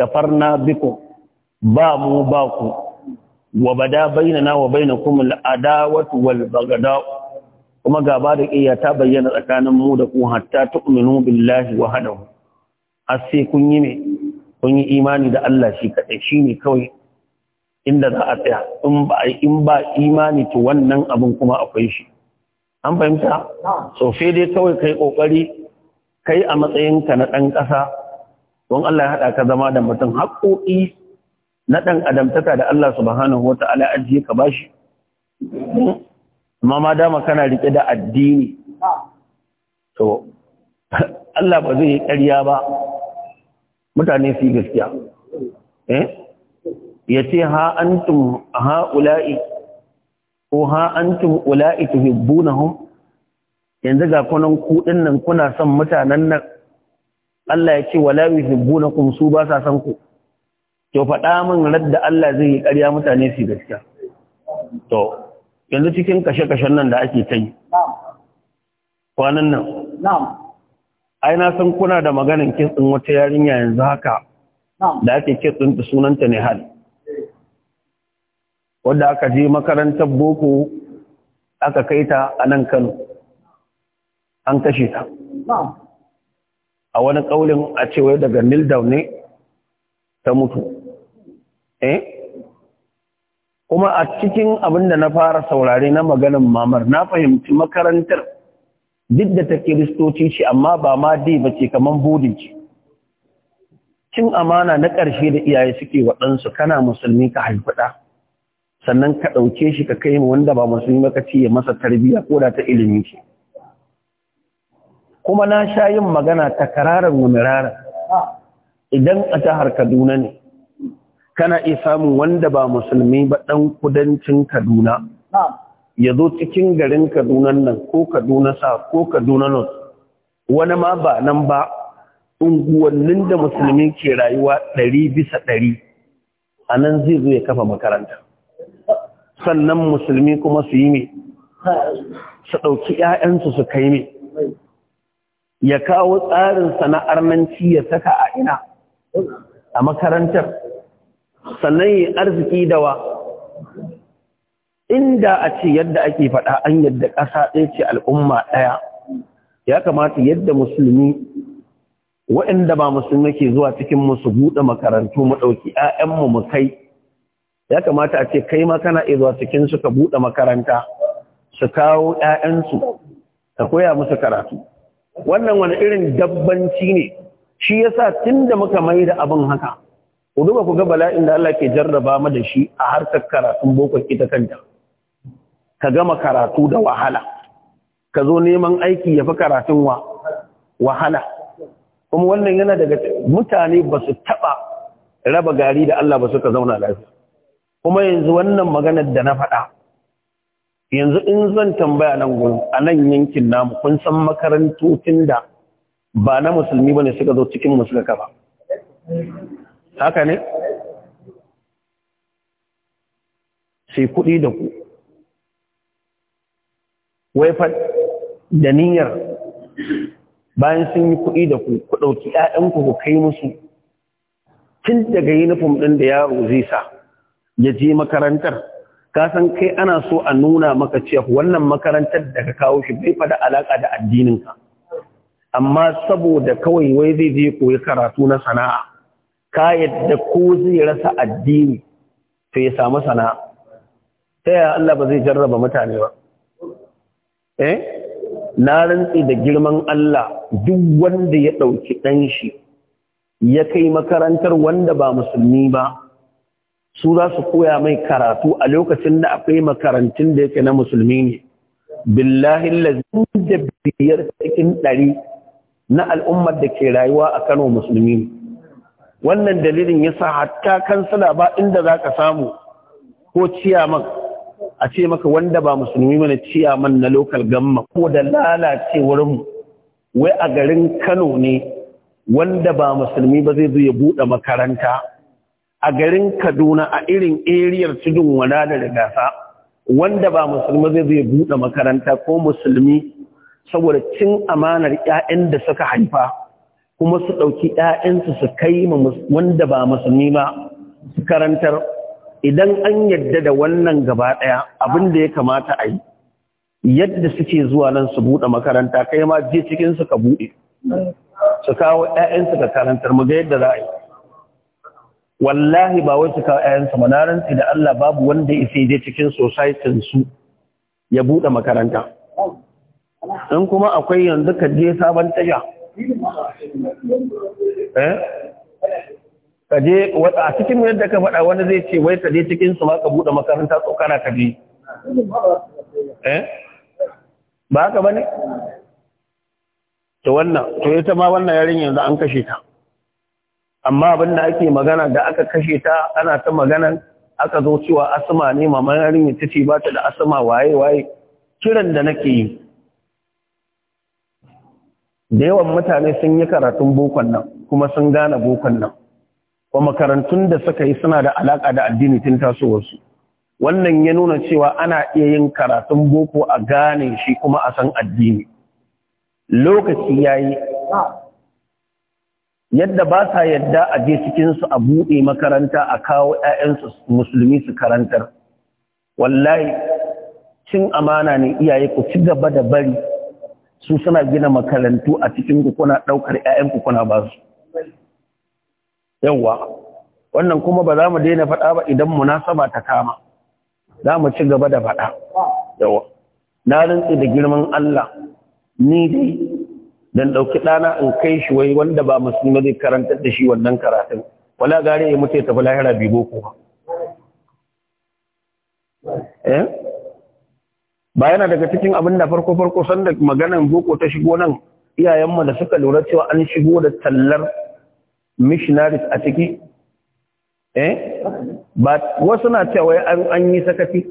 kafarna bikum ba mu ba ku wa bada bainana wa bainakum al'adawatu wal baghda'u kuma gaba da ƙiyya ta bayyana tsakanin mu da ku hatta tu'minu billahi wahdahu har sai kun yi me kun yi imani da Allah shi kaɗai shi ne kawai inda za a tsaya in ba in ba imani to wannan abin kuma akwai shi an fahimta so sai dai kawai kai kokari kai a matsayinka na ɗan ƙasa don Allah ya haɗa ka zama da mutum haƙoƙi na ɗan adamtaka da Allah subhanahu wa ta'ala ajiye ka bashi amma ma dama kana rike da addini to *laughs* Allah ba zai yi ƙarya ba mutane su yi gaskiya eh ya ce ha antum ha ula'i ko ha antum ula'i tuhibbunahum yanzu ga kunan kuɗin nan kuna son mutanen nan Allah ya ce wala yuhibbunakum su ba sa son ku to faɗa min radda Allah zai yi ƙarya mutane su gaskiya to yanzu cikin kashe-kashen nan da ake ta yi kwanan nan ai na kuna da maganin kitsin wata yarinya yanzu haka da ake kitsin ta sunanta ne hal wadda aka je makarantar boko aka kai ta a nan kano an kashe ta a wani ƙaunin a cewa daga nil ne ta mutu eh kuma a cikin abin da na fara saurare na maganin mamar na fahimci makarantar duk da ta kiristoci ce amma ba ma dai ba ce kamar budin ce cin amana na ƙarshe da iyaye suke waɗansu kana musulmi ka haifuɗa, sannan ka ɗauke shi ka kai mu wanda ba musulmi ba ka ci ya masa tarbiyya ko da ta ilimi ce kuma na sha yin magana ta kararar rara, idan a jihar kaduna ne kana iya samun wanda ba musulmi ba ɗan kudancin kaduna ya zo cikin garin kaduna nan ko kaduna sa ko kaduna nan wani ma ba nan ba unguwannin da musulmi ke rayuwa ɗari bisa ɗari a nan zai zo ya kafa makaranta sannan musulmi kuma su yi mai su ɗauki ‘ya'yansu su kai mai ya kawo tsarin sana'ar nan ci ya saka a ina a makarantar sannan yi arziki dawa inda a ce yadda ake faɗa an yadda ƙasa ɗaya ce al'umma ɗaya ya kamata yadda musulmi waɗanda ba musulmi ke zuwa cikin musu buɗe makarantu mu ɗauki ‘ya'yanmu mu kai ya kamata a ce kai ma kana iya zuwa cikin su ka buɗe makaranta su kawo ‘ya'yansu ka koya musu karatu wannan wani irin dabbanci ne shi yasa tun da muka mai da abin haka ku duba ku ga bala'in da Allah ke jarraba ma da shi a harkar karatun bokon ita kanta ka gama karatu da wahala ka zo neman aiki ya fi karatun wahala kuma wannan yana daga mutane ba su taɓa raba gari da Allah ba suka zauna lafiya kuma yanzu wannan maganar da na faɗa yanzu in zan tambaya nan gurin a nan yankin namu kun san makarantocin da ba na musulmi ba ne suka zo cikin musulka ba haka ne sai kuɗi da ku waifar da niyyar bayan sun yi kuɗi da ku ku ɗauki ‘ya'yanku ku kai musu tun daga yunifom ɗin da yaro zai sa ya je makarantar ka san kai ana so a nuna maka cewa wannan makarantar da ka kawo shi bai fada alaƙa da addininka amma saboda kawai wai zai je koyi karatu na sana'a ka yadda ko zai rasa addini to ya samu sana'a ta yaya Allah ba zai jarraba mutane ba eh na rantsi da girman Allah duk wanda ya ɗauki ɗan shi ya kai makarantar wanda ba musulmi ba su za su koya mai karatu a lokacin da akwai makarantun da yake na musulmi ne billahi lazim da biyar cikin ɗari na al'ummar da ke rayuwa a Kano musulmi ne wannan dalilin ya sa hatta kansila ba inda za ka samu ko ciyaman a ce maka wanda ba musulmi mana ciyaman na lokal gamma ko da lalacewar mu, wai a garin kano ne wanda ba musulmi ba zai zo ya buɗe makaranta a garin kaduna a irin eriyar tudun wada da gasa wanda ba musulmi zai zo ya buɗe makaranta ko musulmi saboda cin amanar 'ya'yan da suka haifa kuma su ɗauki ‘ya'yansu su kai wanda ba musulmi ba su karantar idan an yadda da wannan gaba ɗaya abin da ya kamata a yi yadda suke zuwa nan su buɗe makaranta kai ma je cikin ka buɗe su kawo ‘ya'yansu ka karantar mu ga yadda za a yi wallahi ba wai su kawo ‘ya'yansu ba na da Allah babu wanda ya isa je cikin societin su ya buɗe makaranta in kuma akwai yanzu ka je sabon tasha Eh? ka je a cikin yadda ka faɗa wani zai ce wai ka je cikin su ma ka bude makaranta tsokana ka je eh? ba haka ba to wannan to ita ma wannan yarin yanzu an kashe ta amma abin da ake magana da aka kashe ta ana ta magana aka zo cewa asma ne maman yarin ta ce ba ta da asma waye waye kiran da nake yi da yawan mutane sun yi karatun bokon nan kuma sun gane bokon nan kuma makarantun da suka yi suna da alaka da addini tun tasowarsu wannan ya nuna cewa ana iya yin karatun boko a gane shi kuma a san addini lokaci ya yi yadda ba sa yadda a je cikinsu a buɗe makaranta a kawo 'ya'yansu musulmi su karantar wallahi cin amana ne iyaye ku ci gaba da bari su suna gina makarantu a cikin kukuna, ɗaukar 'yayan kuna ba su. Yawwa, wannan kuma ba za mu daina faɗa ba idan munasaba ta kama, za mu ci gaba da faɗa. Yawwa, na rintsi da girman Allah, ni dai dan ɗauki ɗana in kai shi wai wanda ba musulmi zai karantar da shi wannan karatun. Wala gare ya mutu ya tafi lahira bibo kuma. Eh? ba yana daga cikin abin da farko farko sanda maganan boko ta shigo nan iyayenmu da suka lura cewa an shigo da tallar missionaries a ciki eh ba wasu na cewa an an yi sakaci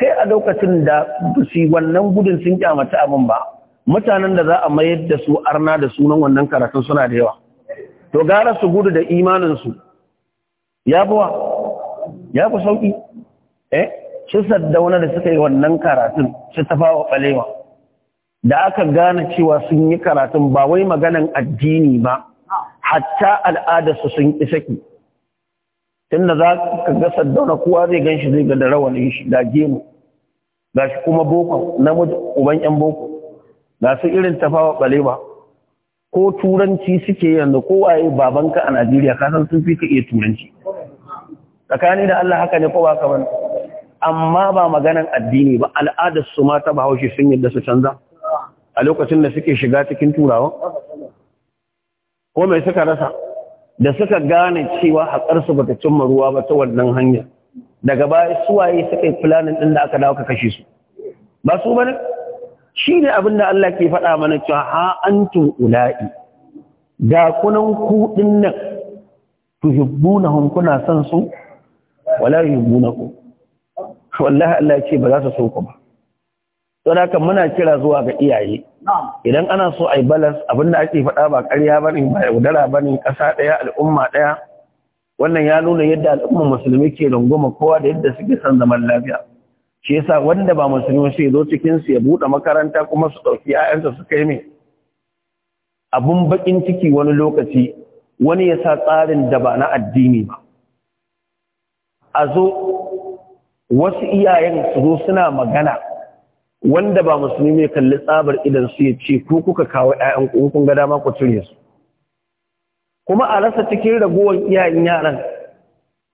kai a lokacin da shi wannan gudun sun kyamata abin ba mutanen da za a mayar da su arna da sunan wannan karatun suna da yawa to gara su gudu da imanin ya buwa ya fi sauki eh su saddauna da suka yi wannan karatun su tafawa balewa da aka gane cewa sun yi karatun ba wai maganan addini ba hatta al'adarsu sun ƙi saki tunda za ka ga saddauna kowa zai gan shi zai ga da rawanin shi da gemu ga shi kuma boko namiji uban yan boko ga su irin tafawa balewa ko turanci suke yanzu kowaye babanka a najeriya kasan sun fi ka iya turanci tsakani da allah haka ne ko ba amma ba maganan addini ba al'adar su mata ba bahaushe sun yadda su canza a lokacin da suke shiga cikin turawa ko mai suka rasa da suka gane cewa haƙar haƙarsu bata cimma ruwa ba ta wannan hanyar daga baya suwaye suka yi fulanin ɗin da aka dawo ka kashe su ba su ne? shi ne abin da Allah ke faɗa mana cewa ha antum ula'i da kunan ku ɗin nan tuhibbunahum kuna son su wala yuhibbunakum to Allah ya ce ba za su so ku ba don haka muna kira zuwa ga iyaye idan ana so a yi balas da ake faɗa ba ƙarya ba ba yaudara ba ne ƙasa ɗaya al'umma ɗaya wannan ya nuna yadda al'umma musulmi ke runguma kowa da yadda suke son zaman lafiya shi yasa wanda ba musulmi sai zo cikin su ya buɗe makaranta kuma su ɗauki ƴaƴansa su kai mai abun bakin ciki wani lokaci wani yasa tsarin da ba na addini ba a zo wasu iyayen su zo suna magana wanda ba musulmi mai kalli tsabar idan su ya ce ko kuka kawo ƴaƴan kun ga dama ku cire su kuma a rasa cikin ragowar iyayen yaran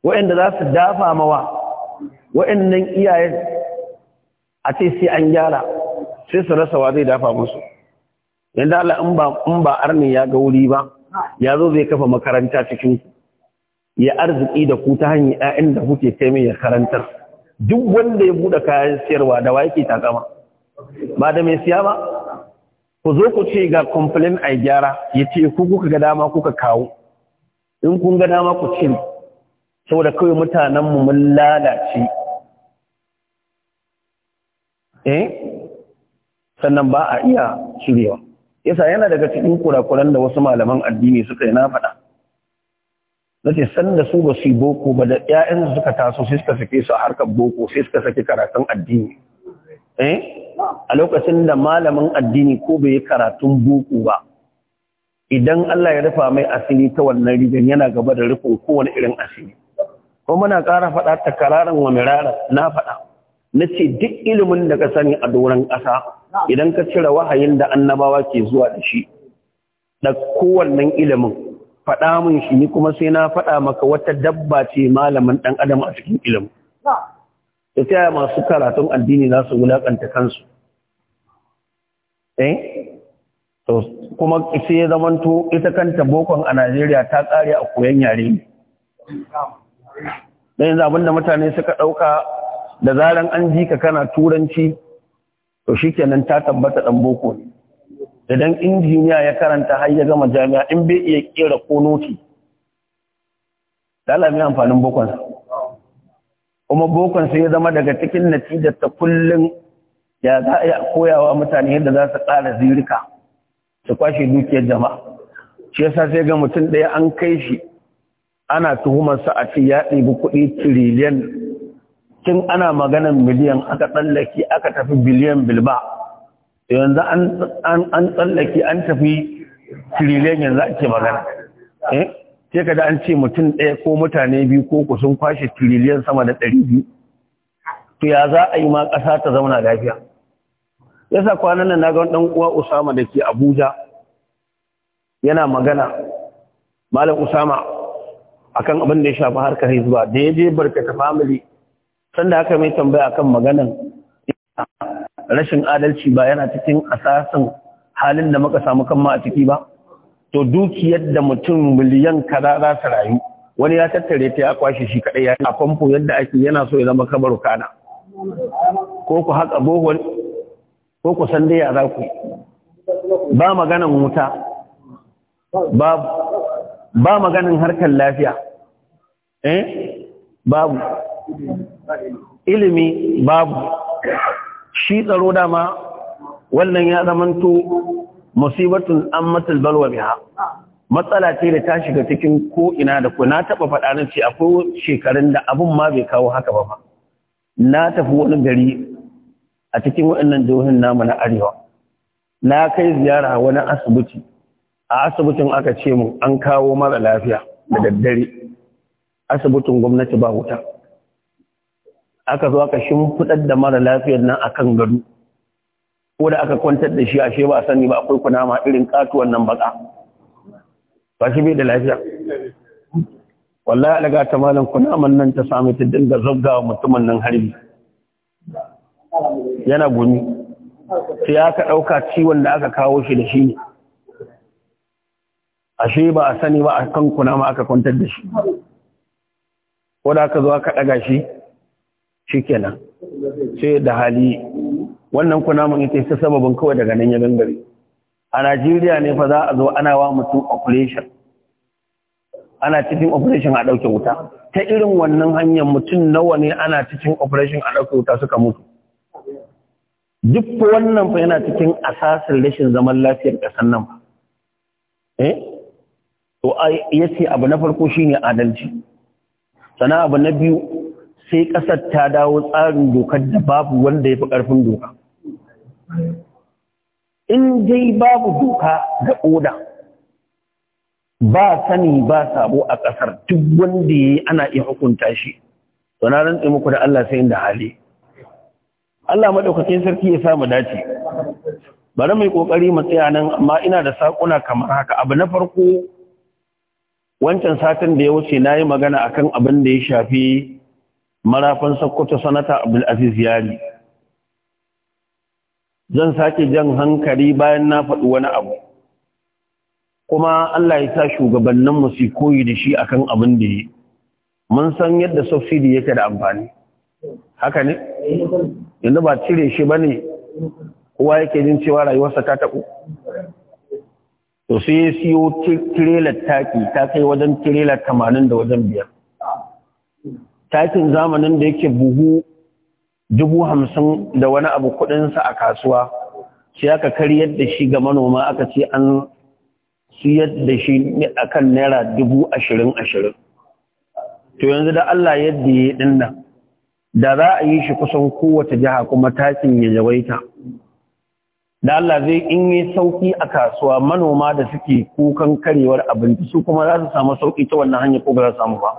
waɗanda za su dafa mawa waɗannan iyayen a ce sai an gyara sai su rasa wa zai dafa musu yanda Allah in ba in ba arni ya ga wuri ba ya zo zai kafa makaranta cikin ya arziki da ku ta hanyar ‘ya'yan da kuke kai karantar. duk wanda ya buɗe kayan siyarwa da wa yake takama ba da mai siya ba ku zo ku ce ga complain a gyara ya ce ku kuka ga dama kuka kawo in kun ga dama ku ce saboda kawai mu mun lalace eh sannan ba a iya cirewa yasa yana daga cikin kurakuran da wasu malaman addini suka yi na faɗa nace san da su ba su boko ba da ƴaƴan suka taso sai suka sake su a harkar boko sai suka sake karatun addini eh? a lokacin da malamin addini ko bai yi karatun boko ba idan Allah ya rufa mai asiri ta wannan rigan yana gaba da rufin kowane irin asiri ko muna ƙara faɗa ta kararan wa mirara na faɗa na ce duk ilimin da ka sani a doron ƙasa idan ka cire wahayin da annabawa ke zuwa da shi da kowannan ilimin faɗa min shi ni kuma sai na faɗa maka wata dabba ce malamin ɗan adam a cikin ilimi da ta yaya masu karatun addini za su wulaƙanta kansu eh to kuma sai ya zamanto ita kanta bokon a Najeriya ta ƙare a koyon yare ne Ɗan yanzu abinda mutane suka ɗauka da zaran an ji ka kana turanci to shi kenan ta tabbata ɗan boko ne Idan injiniya ya karanta har ya gama jami'a in bai iya kera ko noti lalami amfanin bokon kuma bokon sai ya zama daga cikin natijar ta kullum ya za a koyawa mutane yadda za su ƙara zirika su kwashe dukiyar jama'a shi yasa sai ga mutum ɗaya an kai shi ana tuhumarsa a ce ya ɗibi kuɗi tiriliyan tun ana maganan miliyan aka tsallaki aka tafi biliyan bilba yanzu an tsallake an tafi tirilen yanzu ake magana eh sai kada an ce mutum ɗaya ko mutane biyu ko ku sun kwashe tirilen sama da ɗari biyu to ya za a yi ma ƙasa ta zauna lafiya yasa kwanan nan naga ɗan uwa Usama da ke Abuja yana magana malam Usama akan abin da ya shafi harkar hizba da ya je barkata family sanda aka mai tambaya akan maganan rashin adalci ba yana cikin asasin halin da muka samu kanmu a ciki ba to dukiyar da mutum miliyan kaza za su rayu wani ya tattare ta ya kwashe shi kadai ya a famfo yadda ake yana so ya zama kamar kana ko ku haka bohol ko ku san dai ya za ku ba maganan wuta babu ba maganan harkar lafiya eh babu ilimi babu shi tsaro dama wannan ya zamanto musibatun ammatul balwa biha matsala ce da ta shiga cikin ko ina da ku na taba faɗa na ce akwai shekarun da abun ma bai kawo haka ba na tafi wani gari a cikin waɗannan jihohin namu na arewa na kai ziyara wani asibiti a asibitin aka ce mu an kawo mara lafiya da daddare asibitin gwamnati ba wuta aka zo aka shimfiɗar da mara lafiyar nan a kan gado ko da aka kwantar da shi ashe ba a sani ba akwai kunama irin katuwan nan baka ba shi bai da lafiya wallahi daga ta malam kunaman nan ta sami ta dinga zabga mutumin nan harbi yana gumi sai aka ɗauka ciwon da aka kawo shi da shi ne ashe ba a sani ba a kan kunama aka kwantar da shi ko da aka zo aka ɗaga shi shi kenan sai da hali wannan kuna mun ita ta sababin kawai daga nan ya gangare a Najeriya ne fa za a zo ana wa mutum operation ana cikin operation a ɗauke wuta ta irin wannan hanyar mutum nawa ne ana cikin operation a ɗauke wuta suka mutu duk wannan fa yana cikin asasin rashin zaman lafiyar ƙasar nan eh to ya ce abu na farko shine adalci sana abu na biyu sai ƙasar ta dawo tsarin dokar da babu wanda ya fi ƙarfin doka in dai babu doka da oda ba sani ba sabo a ƙasar duk wanda ya yi ana iya hukunta shi Wana na muku da Allah sai inda hali Allah madaukakin sarki ya samu dace bari mai ƙoƙari matsaya nan amma ina da sakuna kamar haka abu na farko wancan satin da ya wuce na yi magana akan abin da ya shafi marafan sakkwato sanata abdulaziz yari zan sake jan hankali bayan na faɗi wani abu kuma allah ya sa shugabanninmu su koyi da shi akan abin da yi mun san yadda subsidi yake da amfani haka ne yanzu ba cire shi ba ne kowa yake jin cewa rayuwarsa ta taɓo to sai siyo tirelar taki ta kai wajen tirelar tamanin da wajen biyar takin zamanin da yake buhu dubu hamsin da wani abu kudinsa a kasuwa sai aka karyar da shi ga manoma aka ce an siyar da shi a kan naira dubu ashirin ashirin to yanzu da Allah yadda ya yi nan da za a yi shi kusan kowace jiha kuma takin ya yawaita da Allah zai in yi sauki a kasuwa manoma da suke kukan karewar abinci su kuma za su samu sauki ta wannan hanyar ko ba za su samu ba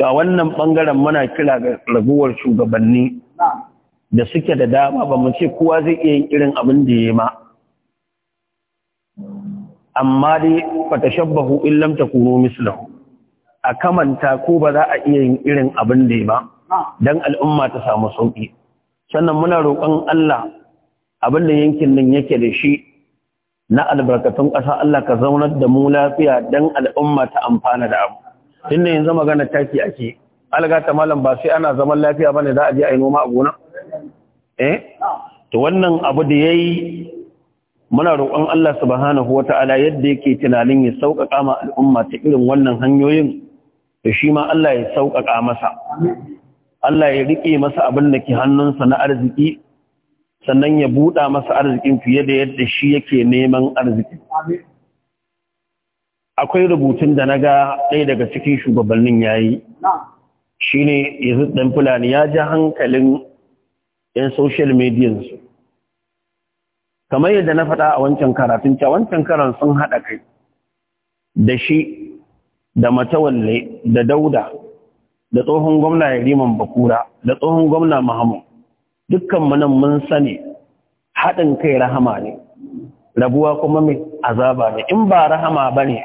to a wannan bangaren muna kira ga raguwar shugabanni da suke da dama ba mu ce kowa zai iya yin irin abin da ya yi ma amma dai shabbahu in illam takunu mislahu a kamanta ko ba za a iya yin irin abin da ya ba dan al'umma ta samu sauki sannan muna roƙon Allah abin da yankin nan yake da shi na albarkatun ƙasa Allah ka zaunar da mu lafiya dan al'umma ta amfana da abu tunda yanzu magana taki ake alga malam ba sai ana zaman lafiya bane za a je a yi noma a gona eh to wannan abu da yayi muna roƙon Allah subhanahu wata'ala yadda yake tunanin ya sauƙaƙa ma al'umma ta irin wannan hanyoyin to shi ma Allah ya sauƙaƙa masa Allah ya rike masa abin da ke hannunsa na arziki sannan ya buɗa masa arzikin fiye da yadda shi yake neman arziki akwai rubutun da na ga ɗaya daga cikin shugabannin ya yi shi ne yanzu ɗan fulani ya ji hankalin 'yan social su. kamar yadda na faɗa a wancan karatun cewa wancan karan sun haɗa kai da shi da matawalle da dauda da tsohon gwamna yariman bakura da tsohon gwamna mahamu dukkan manan mun sani haɗin kai rahama ne rabuwa kuma mai azaba ne in ba rahama ba ne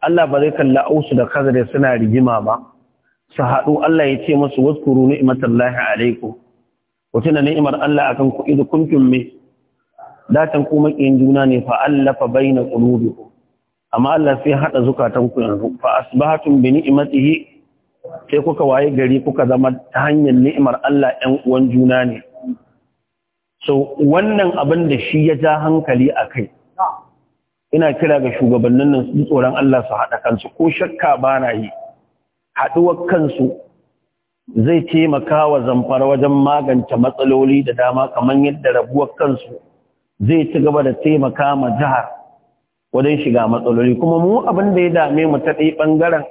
Allah ba zai kalla ausu da kazare suna rigima ba su haɗu Allah ya ce masu waskuru ni'matallahi alaiku Wata da ni'imar Allah akan ku idu kuntum datan ku makiyin juna ne fa allafa baina qulubikum amma Allah sai haɗa zukatan ku yanzu fa asbahatum bi ni'matihi sai kuka waye gari kuka zama ta hanyar ni'imar Allah ƴan uwan juna ne so wannan abin da shi ya ja hankali a kai. ina kira ga shugabannin nan su tsoron Allah su haɗa kansu ko shakka ba na yi haɗuwar kansu zai taimaka wa zamfara wajen magance matsaloli da dama kamar yadda rabuwar kansu zai ci gaba da taimaka ma jihar wajen shiga matsaloli kuma mu abin da ya dame mu ta ɗaya ɓangaren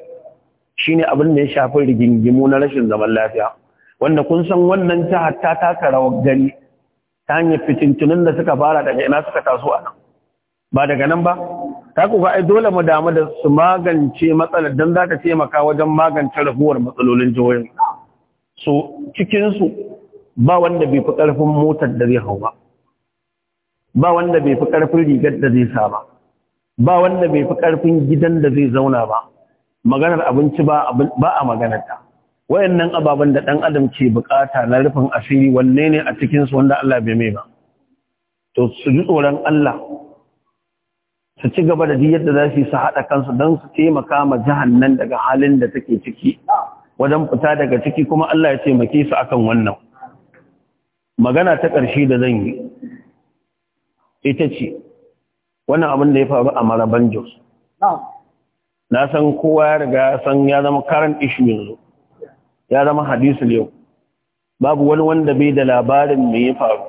shine abin da ya shafi rigingimu na rashin zaman lafiya wanda kun san wannan jihar ta taka rawar gani ta hanyar fitintunin da suka fara daga ina suka taso a nan ba daga nan ba ta kuka ai dole mu damu da su magance matsalar dan za ta taimaka wajen magance rahuwar matsalolin jihohin so cikinsu ba wanda bai fi ƙarfin motar da zai hau ba ba wanda bai fi ƙarfin rigar da zai sa ba ba wanda bai fi ƙarfin gidan da zai zauna ba maganar abinci ba a maganar ta wayannan ababen da ɗan adam ke bukata na rufin asiri wanne ne a cikinsu wanda Allah bai mai ba to su ji tsoron Allah su ci gaba da yadda za su haɗa kansu don su taimaka ma nan daga halin da take ciki wajen fita daga ciki kuma Allah ya taimake su akan wannan magana ta ƙarshe da zan yi ita ce wannan abin da ya faru a maraban jos na san kowa ya riga san ya zama karan ishu yanzu ya zama hadisul yau babu wani wanda bai da labarin mai ya faru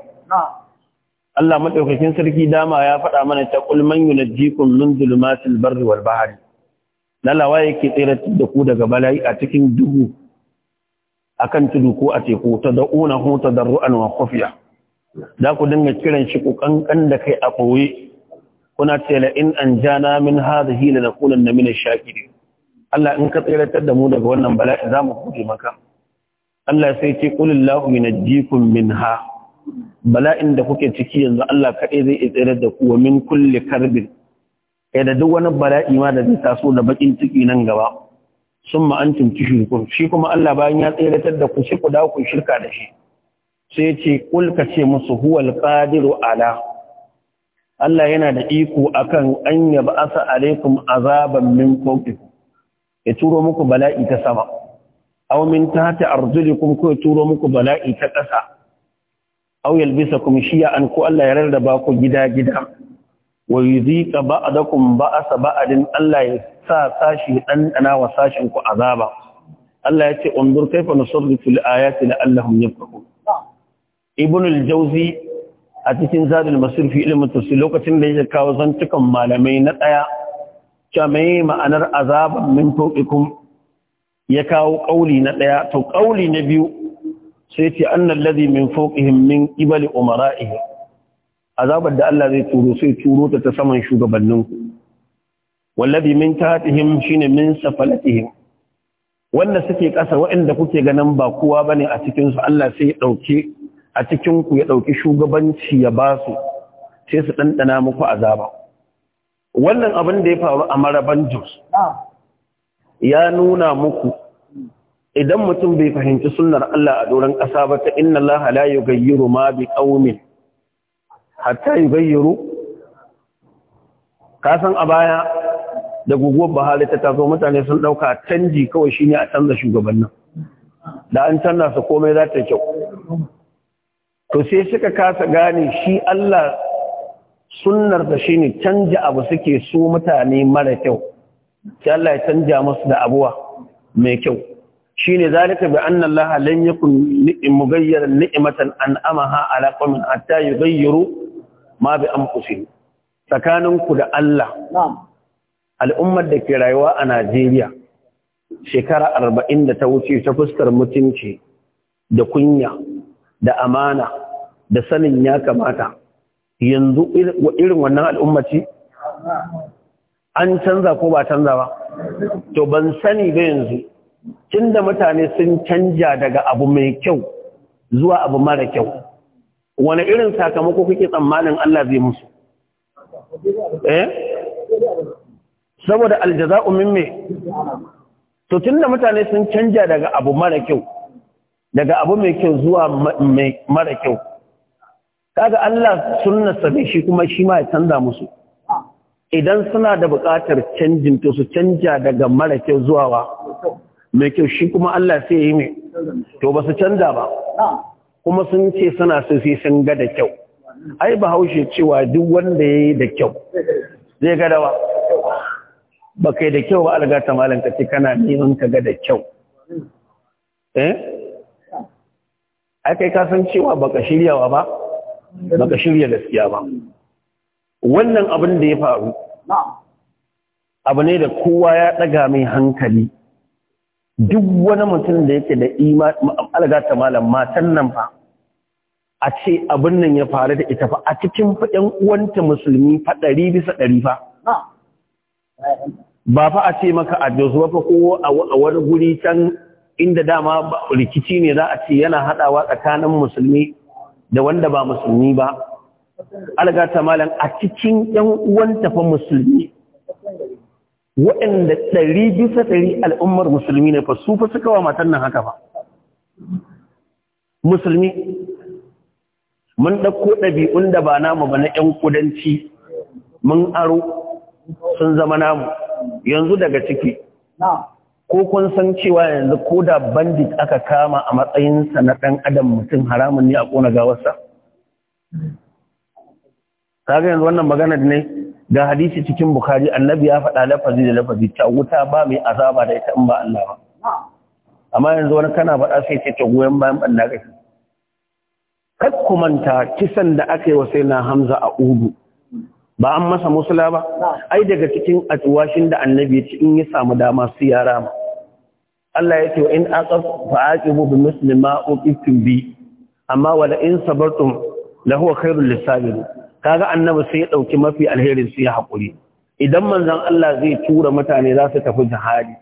Allah madaukakin sarki dama ya faɗa mana ta qul man yunajjikum min zulumatil barri wal bahri lalawa yake tsere da ku daga bala'i a cikin duhu akan tudu ko a teku ta da'una hu ru'an wa khufiya da ku dinga kiran shi ku kankan da kai a koyi kuna ce la in anjana min hadhihi lanakunanna min ash-shakirin Allah in ka tseratar da mu daga wannan bala'i za mu maka. Allah sai ce kulillahu minajjikun minha bala'in da kuke ciki yanzu Allah kaɗai zai tsere da kuwa min kulle karbin ya da duk wani bala'i ma da zai taso da bakin ciki nan gaba sun ma'antum tushrikun shi kuma Allah bayan ya tseratar da ku shi ku dawo ku shirka da shi sai ya ce kul ce musu huwal qadiru ala Allah yana da iko akan an yaba asa alaikum azaban min fawqikum ya turo muku bala'i ta sama aw min tahti arjulikum ko ya turo muku bala'i ta ƙasa aw yalbisakum shiy'an ko Allah ya rarraba ku gida gida wa yuzika ba'dakum ba'sa ba'din Allah ya sa sashi dan dana wa sashin ku azaba Allah ya ce undur kaifa nusarrifu al-ayati la'allahum yafqahun ibn al-jawzi a cikin zadul masir fi ilmin tafsir lokacin da ya kawo zantukan malamai na daya jama'i ma'anar azaban min fawqikum ya kawo kauli na daya to kauli na biyu sai ce annan ladhi min min qibali umara'ihim azabar da Allah zai turo sai turo ta ta saman shugabanninku. ku wallazi min tahtihim shine min safalatihim wanda suke kasa waɗanda kuke ganin ba kowa bane a cikin su Allah sai ya dauke a cikin ku ya dauki shugabanci ya ba su sai su dandana muku azaba wannan abin da ya faru a maraban Jos ya nuna muku idan mutum bai fahimci sunnar Allah a doron ƙasa ba ta inna Allah la yughayyiru ma bi qaumin hatta yughayyiru ka san a baya da guguwar bahali ta taso mutane sun dauka canji kawai shine a canza shugabannin da an canza su komai za ta kyau to sai suka kasa gane shi Allah sunnar da shine canja abu suke so mutane mara kyau sai Allah ya canja musu da abuwa mai kyau Shi ne shine zalika bi annan allaha lan ni'imatan mughayyiran ni'matan an'amaha a ta yi bayyaro ma bi an tsakanin Tsakaninku da Allah al'ummar da ke rayuwa a Najeriya shekara arba'in da ta wuce ta fuskar mutunci da kunya da amana da sanin ya kamata yanzu irin wannan al’ummaci an canza ko ba canza ba to ban sani ba yanzu tun da mutane sun canja daga abu mai kyau zuwa abu mara kyau wani irin sakamako kuke tsammanin Allah zai musu eh saboda aljaza'u min me to tun da mutane sun canja daga abu mara kyau daga abu mai kyau zuwa mara kyau kaga Allah sunna ne shi kuma shi ma ya canza musu idan suna da buƙatar canjin to su canja daga mara kyau zuwa wa mai kyau shi kuma Allah sai ya yi mai to ba su canza ba kuma sun ce suna sun sai sun ga da kyau ai ba haushe cewa duk wanda ya yi da kyau zai ga dawa ba kai da kyau ba alga ta malam ka ce kana neman ka ga da kyau eh ai kai ka san cewa baka shiryawa ba baka shirya gaskiya ba wannan abin da ya faru abu ne da kowa ya ɗaga mai hankali duk wani mutum da yake da alga ta malam matan nan fa a ce abin nan ya faru da ita fa a cikin faɗin uwanta musulmi fa ɗari bisa ɗari fa ba fa a ce maka a jos ba fa ko a wani guri can inda dama rikici ne za a ce yana haɗawa tsakanin musulmi da wanda ba musulmi ba alga ta malam a cikin 'yan uwanta fa musulmi waɗanda ɗari bisa ɗari al'ummar musulmi ne fa su fa suka wa matan nan haka ba musulmi mun ɗauko ɗabi'un da ba namu ba na ‘yan kudanci mun aro sun zama namu yanzu daga ciki ko kun san cewa yanzu ko da bandit aka kama a matsayinsa na ɗan adam mutum haramun ne a ƙona gawarsa? ga yanzu wannan magana ne da hadisi cikin bukari annabi ya faɗa lafazi da lafazi ta wuta ba mai azaba da ita in ba Allah ba amma yanzu wani kana faɗa sai ce ta goyon bayan ɓanna shi. kar ku manta kisan da aka yi wa sai na hamza a udu ba an masa musula ba ai daga cikin atuwashin da annabi ya ci in ya samu dama su yara ma Allah ya ce wa in aqaf fa aqibu bi muslima ma uqitum bi amma wala in sabartum lahu khairul lisabirin kaga annabi sai ya dauki mafi alherin su ya hakuri idan manzon Allah zai tura mutane za su tafi jihadi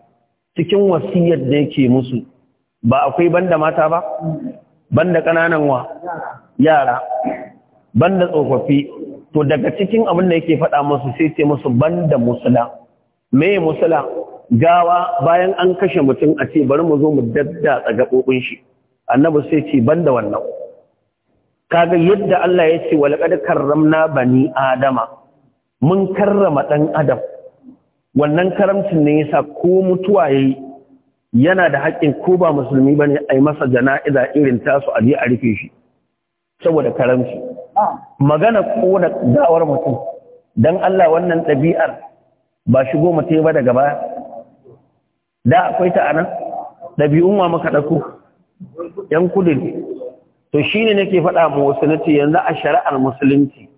cikin wasiyar da yake musu ba akwai banda mata ba banda kananan wa yara banda tsofaffi to daga cikin abin da yake faɗa musu sai ce musu banda musula me musula gawa bayan an kashe mutum a ce bari mu zo mu daddatsa gaɓoɓin shi annabi sai ce banda wannan kaga yadda Allah ya ce walaqad karramna bani adama mun karrama ɗan adam wannan karamcin ne yasa ko mutuwa yayi yana da haƙƙin ko ba musulmi bane ai masa jana'iza irin tasu je a rufe shi saboda karamci magana ko da dawar mutum dan Allah wannan ɗabi'ar ba shigo mutai ba daga baya da akwai ta anan ɗabi'un wa muka ɗauko yan kudu to shi ne nake faɗa mu wasu ce yanzu a shari'ar musulunci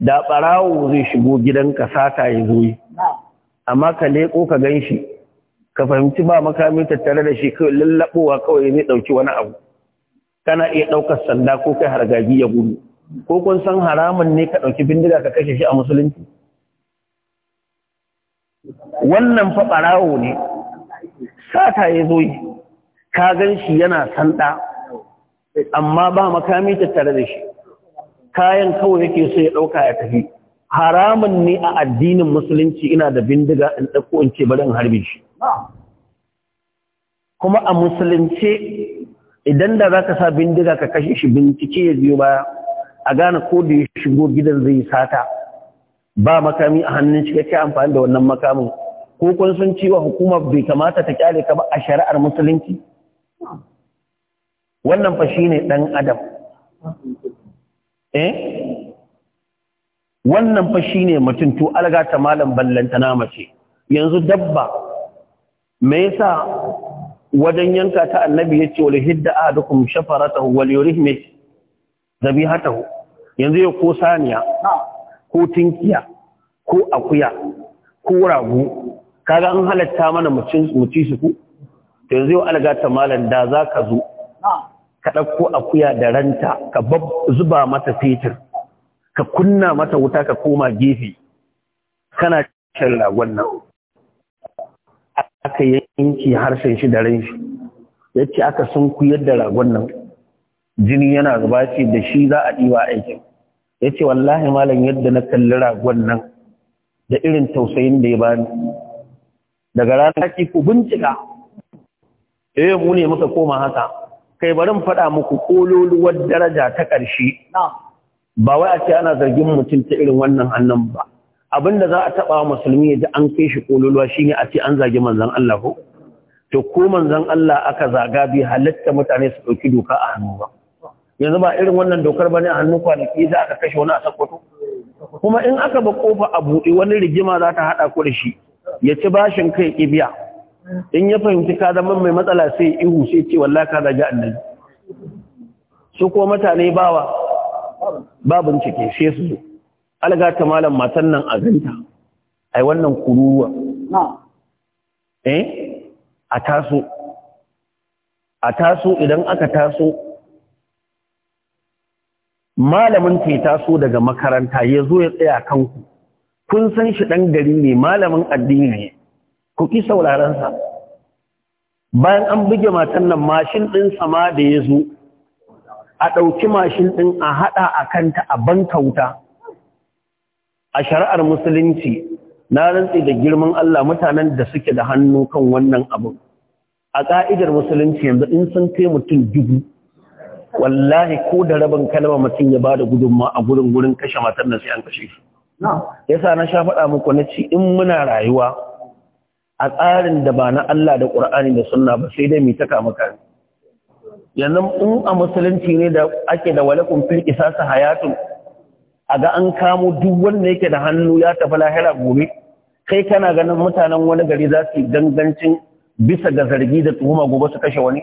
da ɓarawo zai shigo gidanka sata ya zo yi amma ka leƙo ka gan shi ka fahimci ba makami tattare da shi kawai lallaɓowa kawai zai ɗauki wani abu kana iya ɗaukar sanda ko kai hargagi ya gudu ko kun san haramun ne ka ɗauki bindiga ka kashe shi a musulunci wannan fa ɓarawo ne sata ya zo yi ka gan shi yana sanda amma ba makami tattare da shi kayan kawai yake so ya ɗauka ya tafi haramun ne a addinin musulunci ina da bindiga in ɗauko in ce bari in harbe shi kuma a musulunce idan da za ka sa bindiga ka kashe shi bincike ya biyo baya a gane ko da ya shigo gidan zai sata ba makami a hannun shi kake amfani da wannan makamin ko kun san cewa hukumar bai kamata ta kyale ka ba a shari'ar musulunci wannan fa shine dan adam eh wannan fa ne mutum to alga ta malam ballanta na mace yanzu dabba me yasa wajen yanka ta annabi yace wal hidda ahadukum shafaratahu wal yurihmi zabihatahu yanzu ya ko saniya ko tinkiya ko akuya ko rago kaga an halatta mana mu ci su ku yanzu yau alga ta malam da zaka zo ka ɗauko akuya da ranta ka zuba mata fetur ka kunna mata wuta ka koma gefe kana cikin ragon nan aka yanki harshen shi da ran shi ya ce aka sun kuyar da ragon nan jini yana zuba ce da shi za a ɗiwa aikin ya ce wallahi malam yadda na kalli ragon nan da irin tausayin da ya bani daga rana ki ku bincika eh mu ne muka koma haka kai bari mu faɗa muku ƙololuwar daraja ta ƙarshe ba wai a ce ana zargin mutum ta irin wannan hannun ba da za a taɓa musulmi ya ji an kai shi shi shine a ce an zagi manzan Allah ko to ko manzan Allah aka zaga bi halatta mutane su ɗauki doka a hannu ba yanzu ba irin wannan dokar ba ne a hannu kwanaki za aka kashe wani a sakkwato kuma in aka ba kofa a buɗe wani rigima za ta haɗa ku da shi ya ci bashin kai ƙibiya. in ya fahimci ka zama mai matsala sai ihu sai ce wallah ka zagi annabi su ko mutane bawa ba bincike sai su zo alga ta malam matan nan a ganta ai wannan kuruwa eh a taso a taso idan aka taso malamin ke taso daga makaranta ya zo ya tsaya kanku kun san shi dan gari ne malamin addini ne ku ki saurarensa bayan an buge matan nan mashin ɗin sama da ya zo a ɗauki mashin ɗin a haɗa a kanta a banka wuta. a shari'ar musulunci na rantsi da girman Allah mutanen da suke da hannu kan wannan abu a ƙa'idar musulunci yanzu in sun kai mutum dubu wallahi ko da rabin kalma mutum ya bada gudunma a gurin gurin kashe matan nan sai an kashe shi yasa na sha faɗa muku na ci in muna rayuwa a tsarin da ba na Allah da Ƙur'ani da sunna ba sai dai mai ta kama kare yanzu in a musulunci ne da ake da walakun isa su hayatun a ga an kamo duk wanda yake da hannu ya tafi lahira gobe kai kana ganin mutanen wani gari za su gangancin bisa ga zargi da tuhuma gobe su kashe wani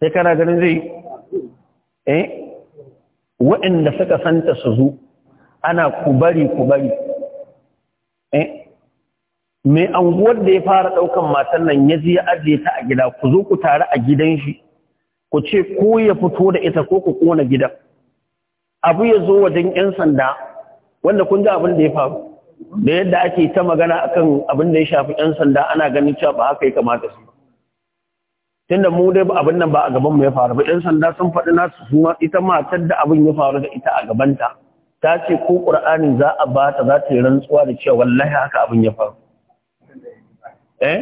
sai kana ganin zai yi? eh waɗanda suka santa su zu ana kubari-kubari. eh mai anguwar da ya fara ɗaukan matan nan ya je ya ajiye ta a gida ku zo ku tare a gidan shi ku ce ko ya fito da ita ko ku kona gidan abu ya zo wajen 'yan sanda wanda kun ji abin da ya faru da yadda ake ta magana akan abin da ya shafi 'yan sanda ana ganin cewa ba haka ya kamata su ba. tunda mu dai abin nan ba a gaban mu ya faru ba 'yan sanda sun faɗi nasu suna ita matar da abin ya faru da ita a gabanta ta ce ko ƙur'ani za a ba ta za ta yi rantsuwa da cewa wallahi haka abin ya faru eh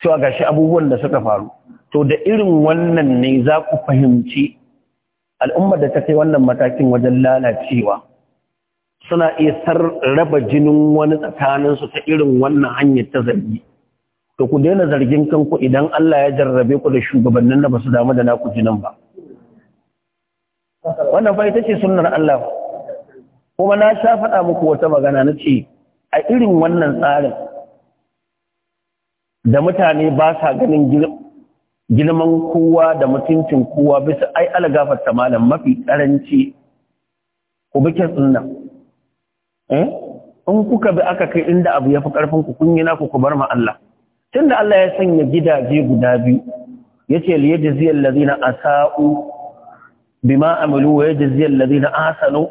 ga gashi abubuwan da suka faru to da irin wannan ne za ku fahimci al'ummar da ta kai wannan matakin wajen lalacewa suna iya sarraba jinin wani tsakaninsu ta irin wannan hanyar ta zargi to ku daina zargin kanku idan Allah ya jarrabe ku da shugabannin da ba su damu da naku jinin ba wannan fa ita ce sunnar Allah kuma na sha faɗa muku wata magana na ce a irin wannan tsarin da mutane ba sa ganin girman kowa da mutuncin kowa bisa ai algafar malam mafi karanci ku bi kitsin nan eh? in kuka bi aka kai inda abu ya fi karfin ku kun yi naku ku bar ma Allah tunda Allah ya sanya gidaje guda biyu yace ziyar lazi na asa'u bima amalu wa ziyar da lazi na asano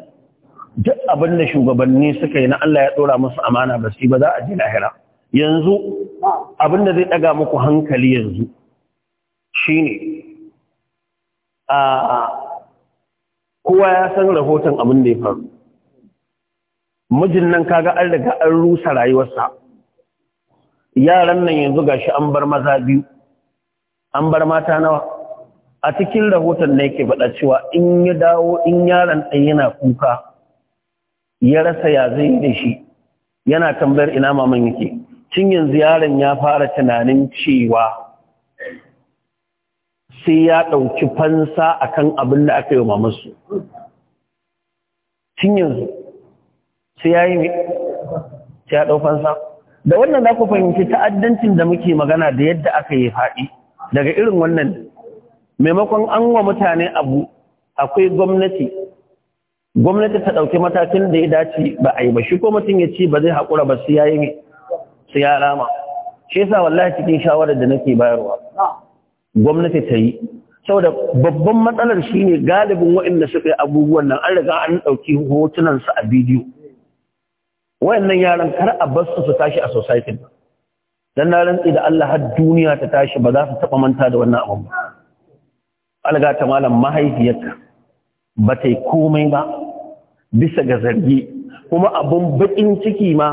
duk abin da shugabanni suka yi na Allah ya dora musu amana ba su ba za a ji lahira yanzu abinda zai daga muku hankali yanzu shine a kowa ya san rahoton abin da ya faru mijin nan kaga an riga an rusa rayuwarsa yaran nan yanzu gashi an bar maza biyu an bar mata nawa a cikin rahoton da yake faɗa cewa in ya dawo in yaron ɗan yana kuka ya rasa ya zai da shi yana tambayar ina maman yake tun yanzu yaron ya fara tunanin cewa sai ya ɗauki fansa a kan abin da aka yi wa mamansu tun yanzu sai ya yi sai ya ɗau fansa da wannan za ku fahimci ta'addancin da muke magana da yadda aka yi faɗi daga irin wannan maimakon an wa mutane abu akwai gwamnati gwamnati ta ɗauki matakin da ya dace ba a yi ba shi ko mutum ya ce ba zai haƙura ba sai yi yayi su ya rama shi yasa wallahi cikin shawarar da nake bayarwa gwamnati ta yi saboda babban matsalar shi ne galibin waɗanda suka yi abubuwan nan an riga an ɗauki hotunan su a bidiyo wayannan yaran kar a bar su su tashi a society dan na rantsi da Allah har duniya ta tashi ba za su taba manta da wannan abu ba alga ta malam mahaifiyarka ba ta yi komai ba bisa ga zargi kuma abun baƙin ciki ma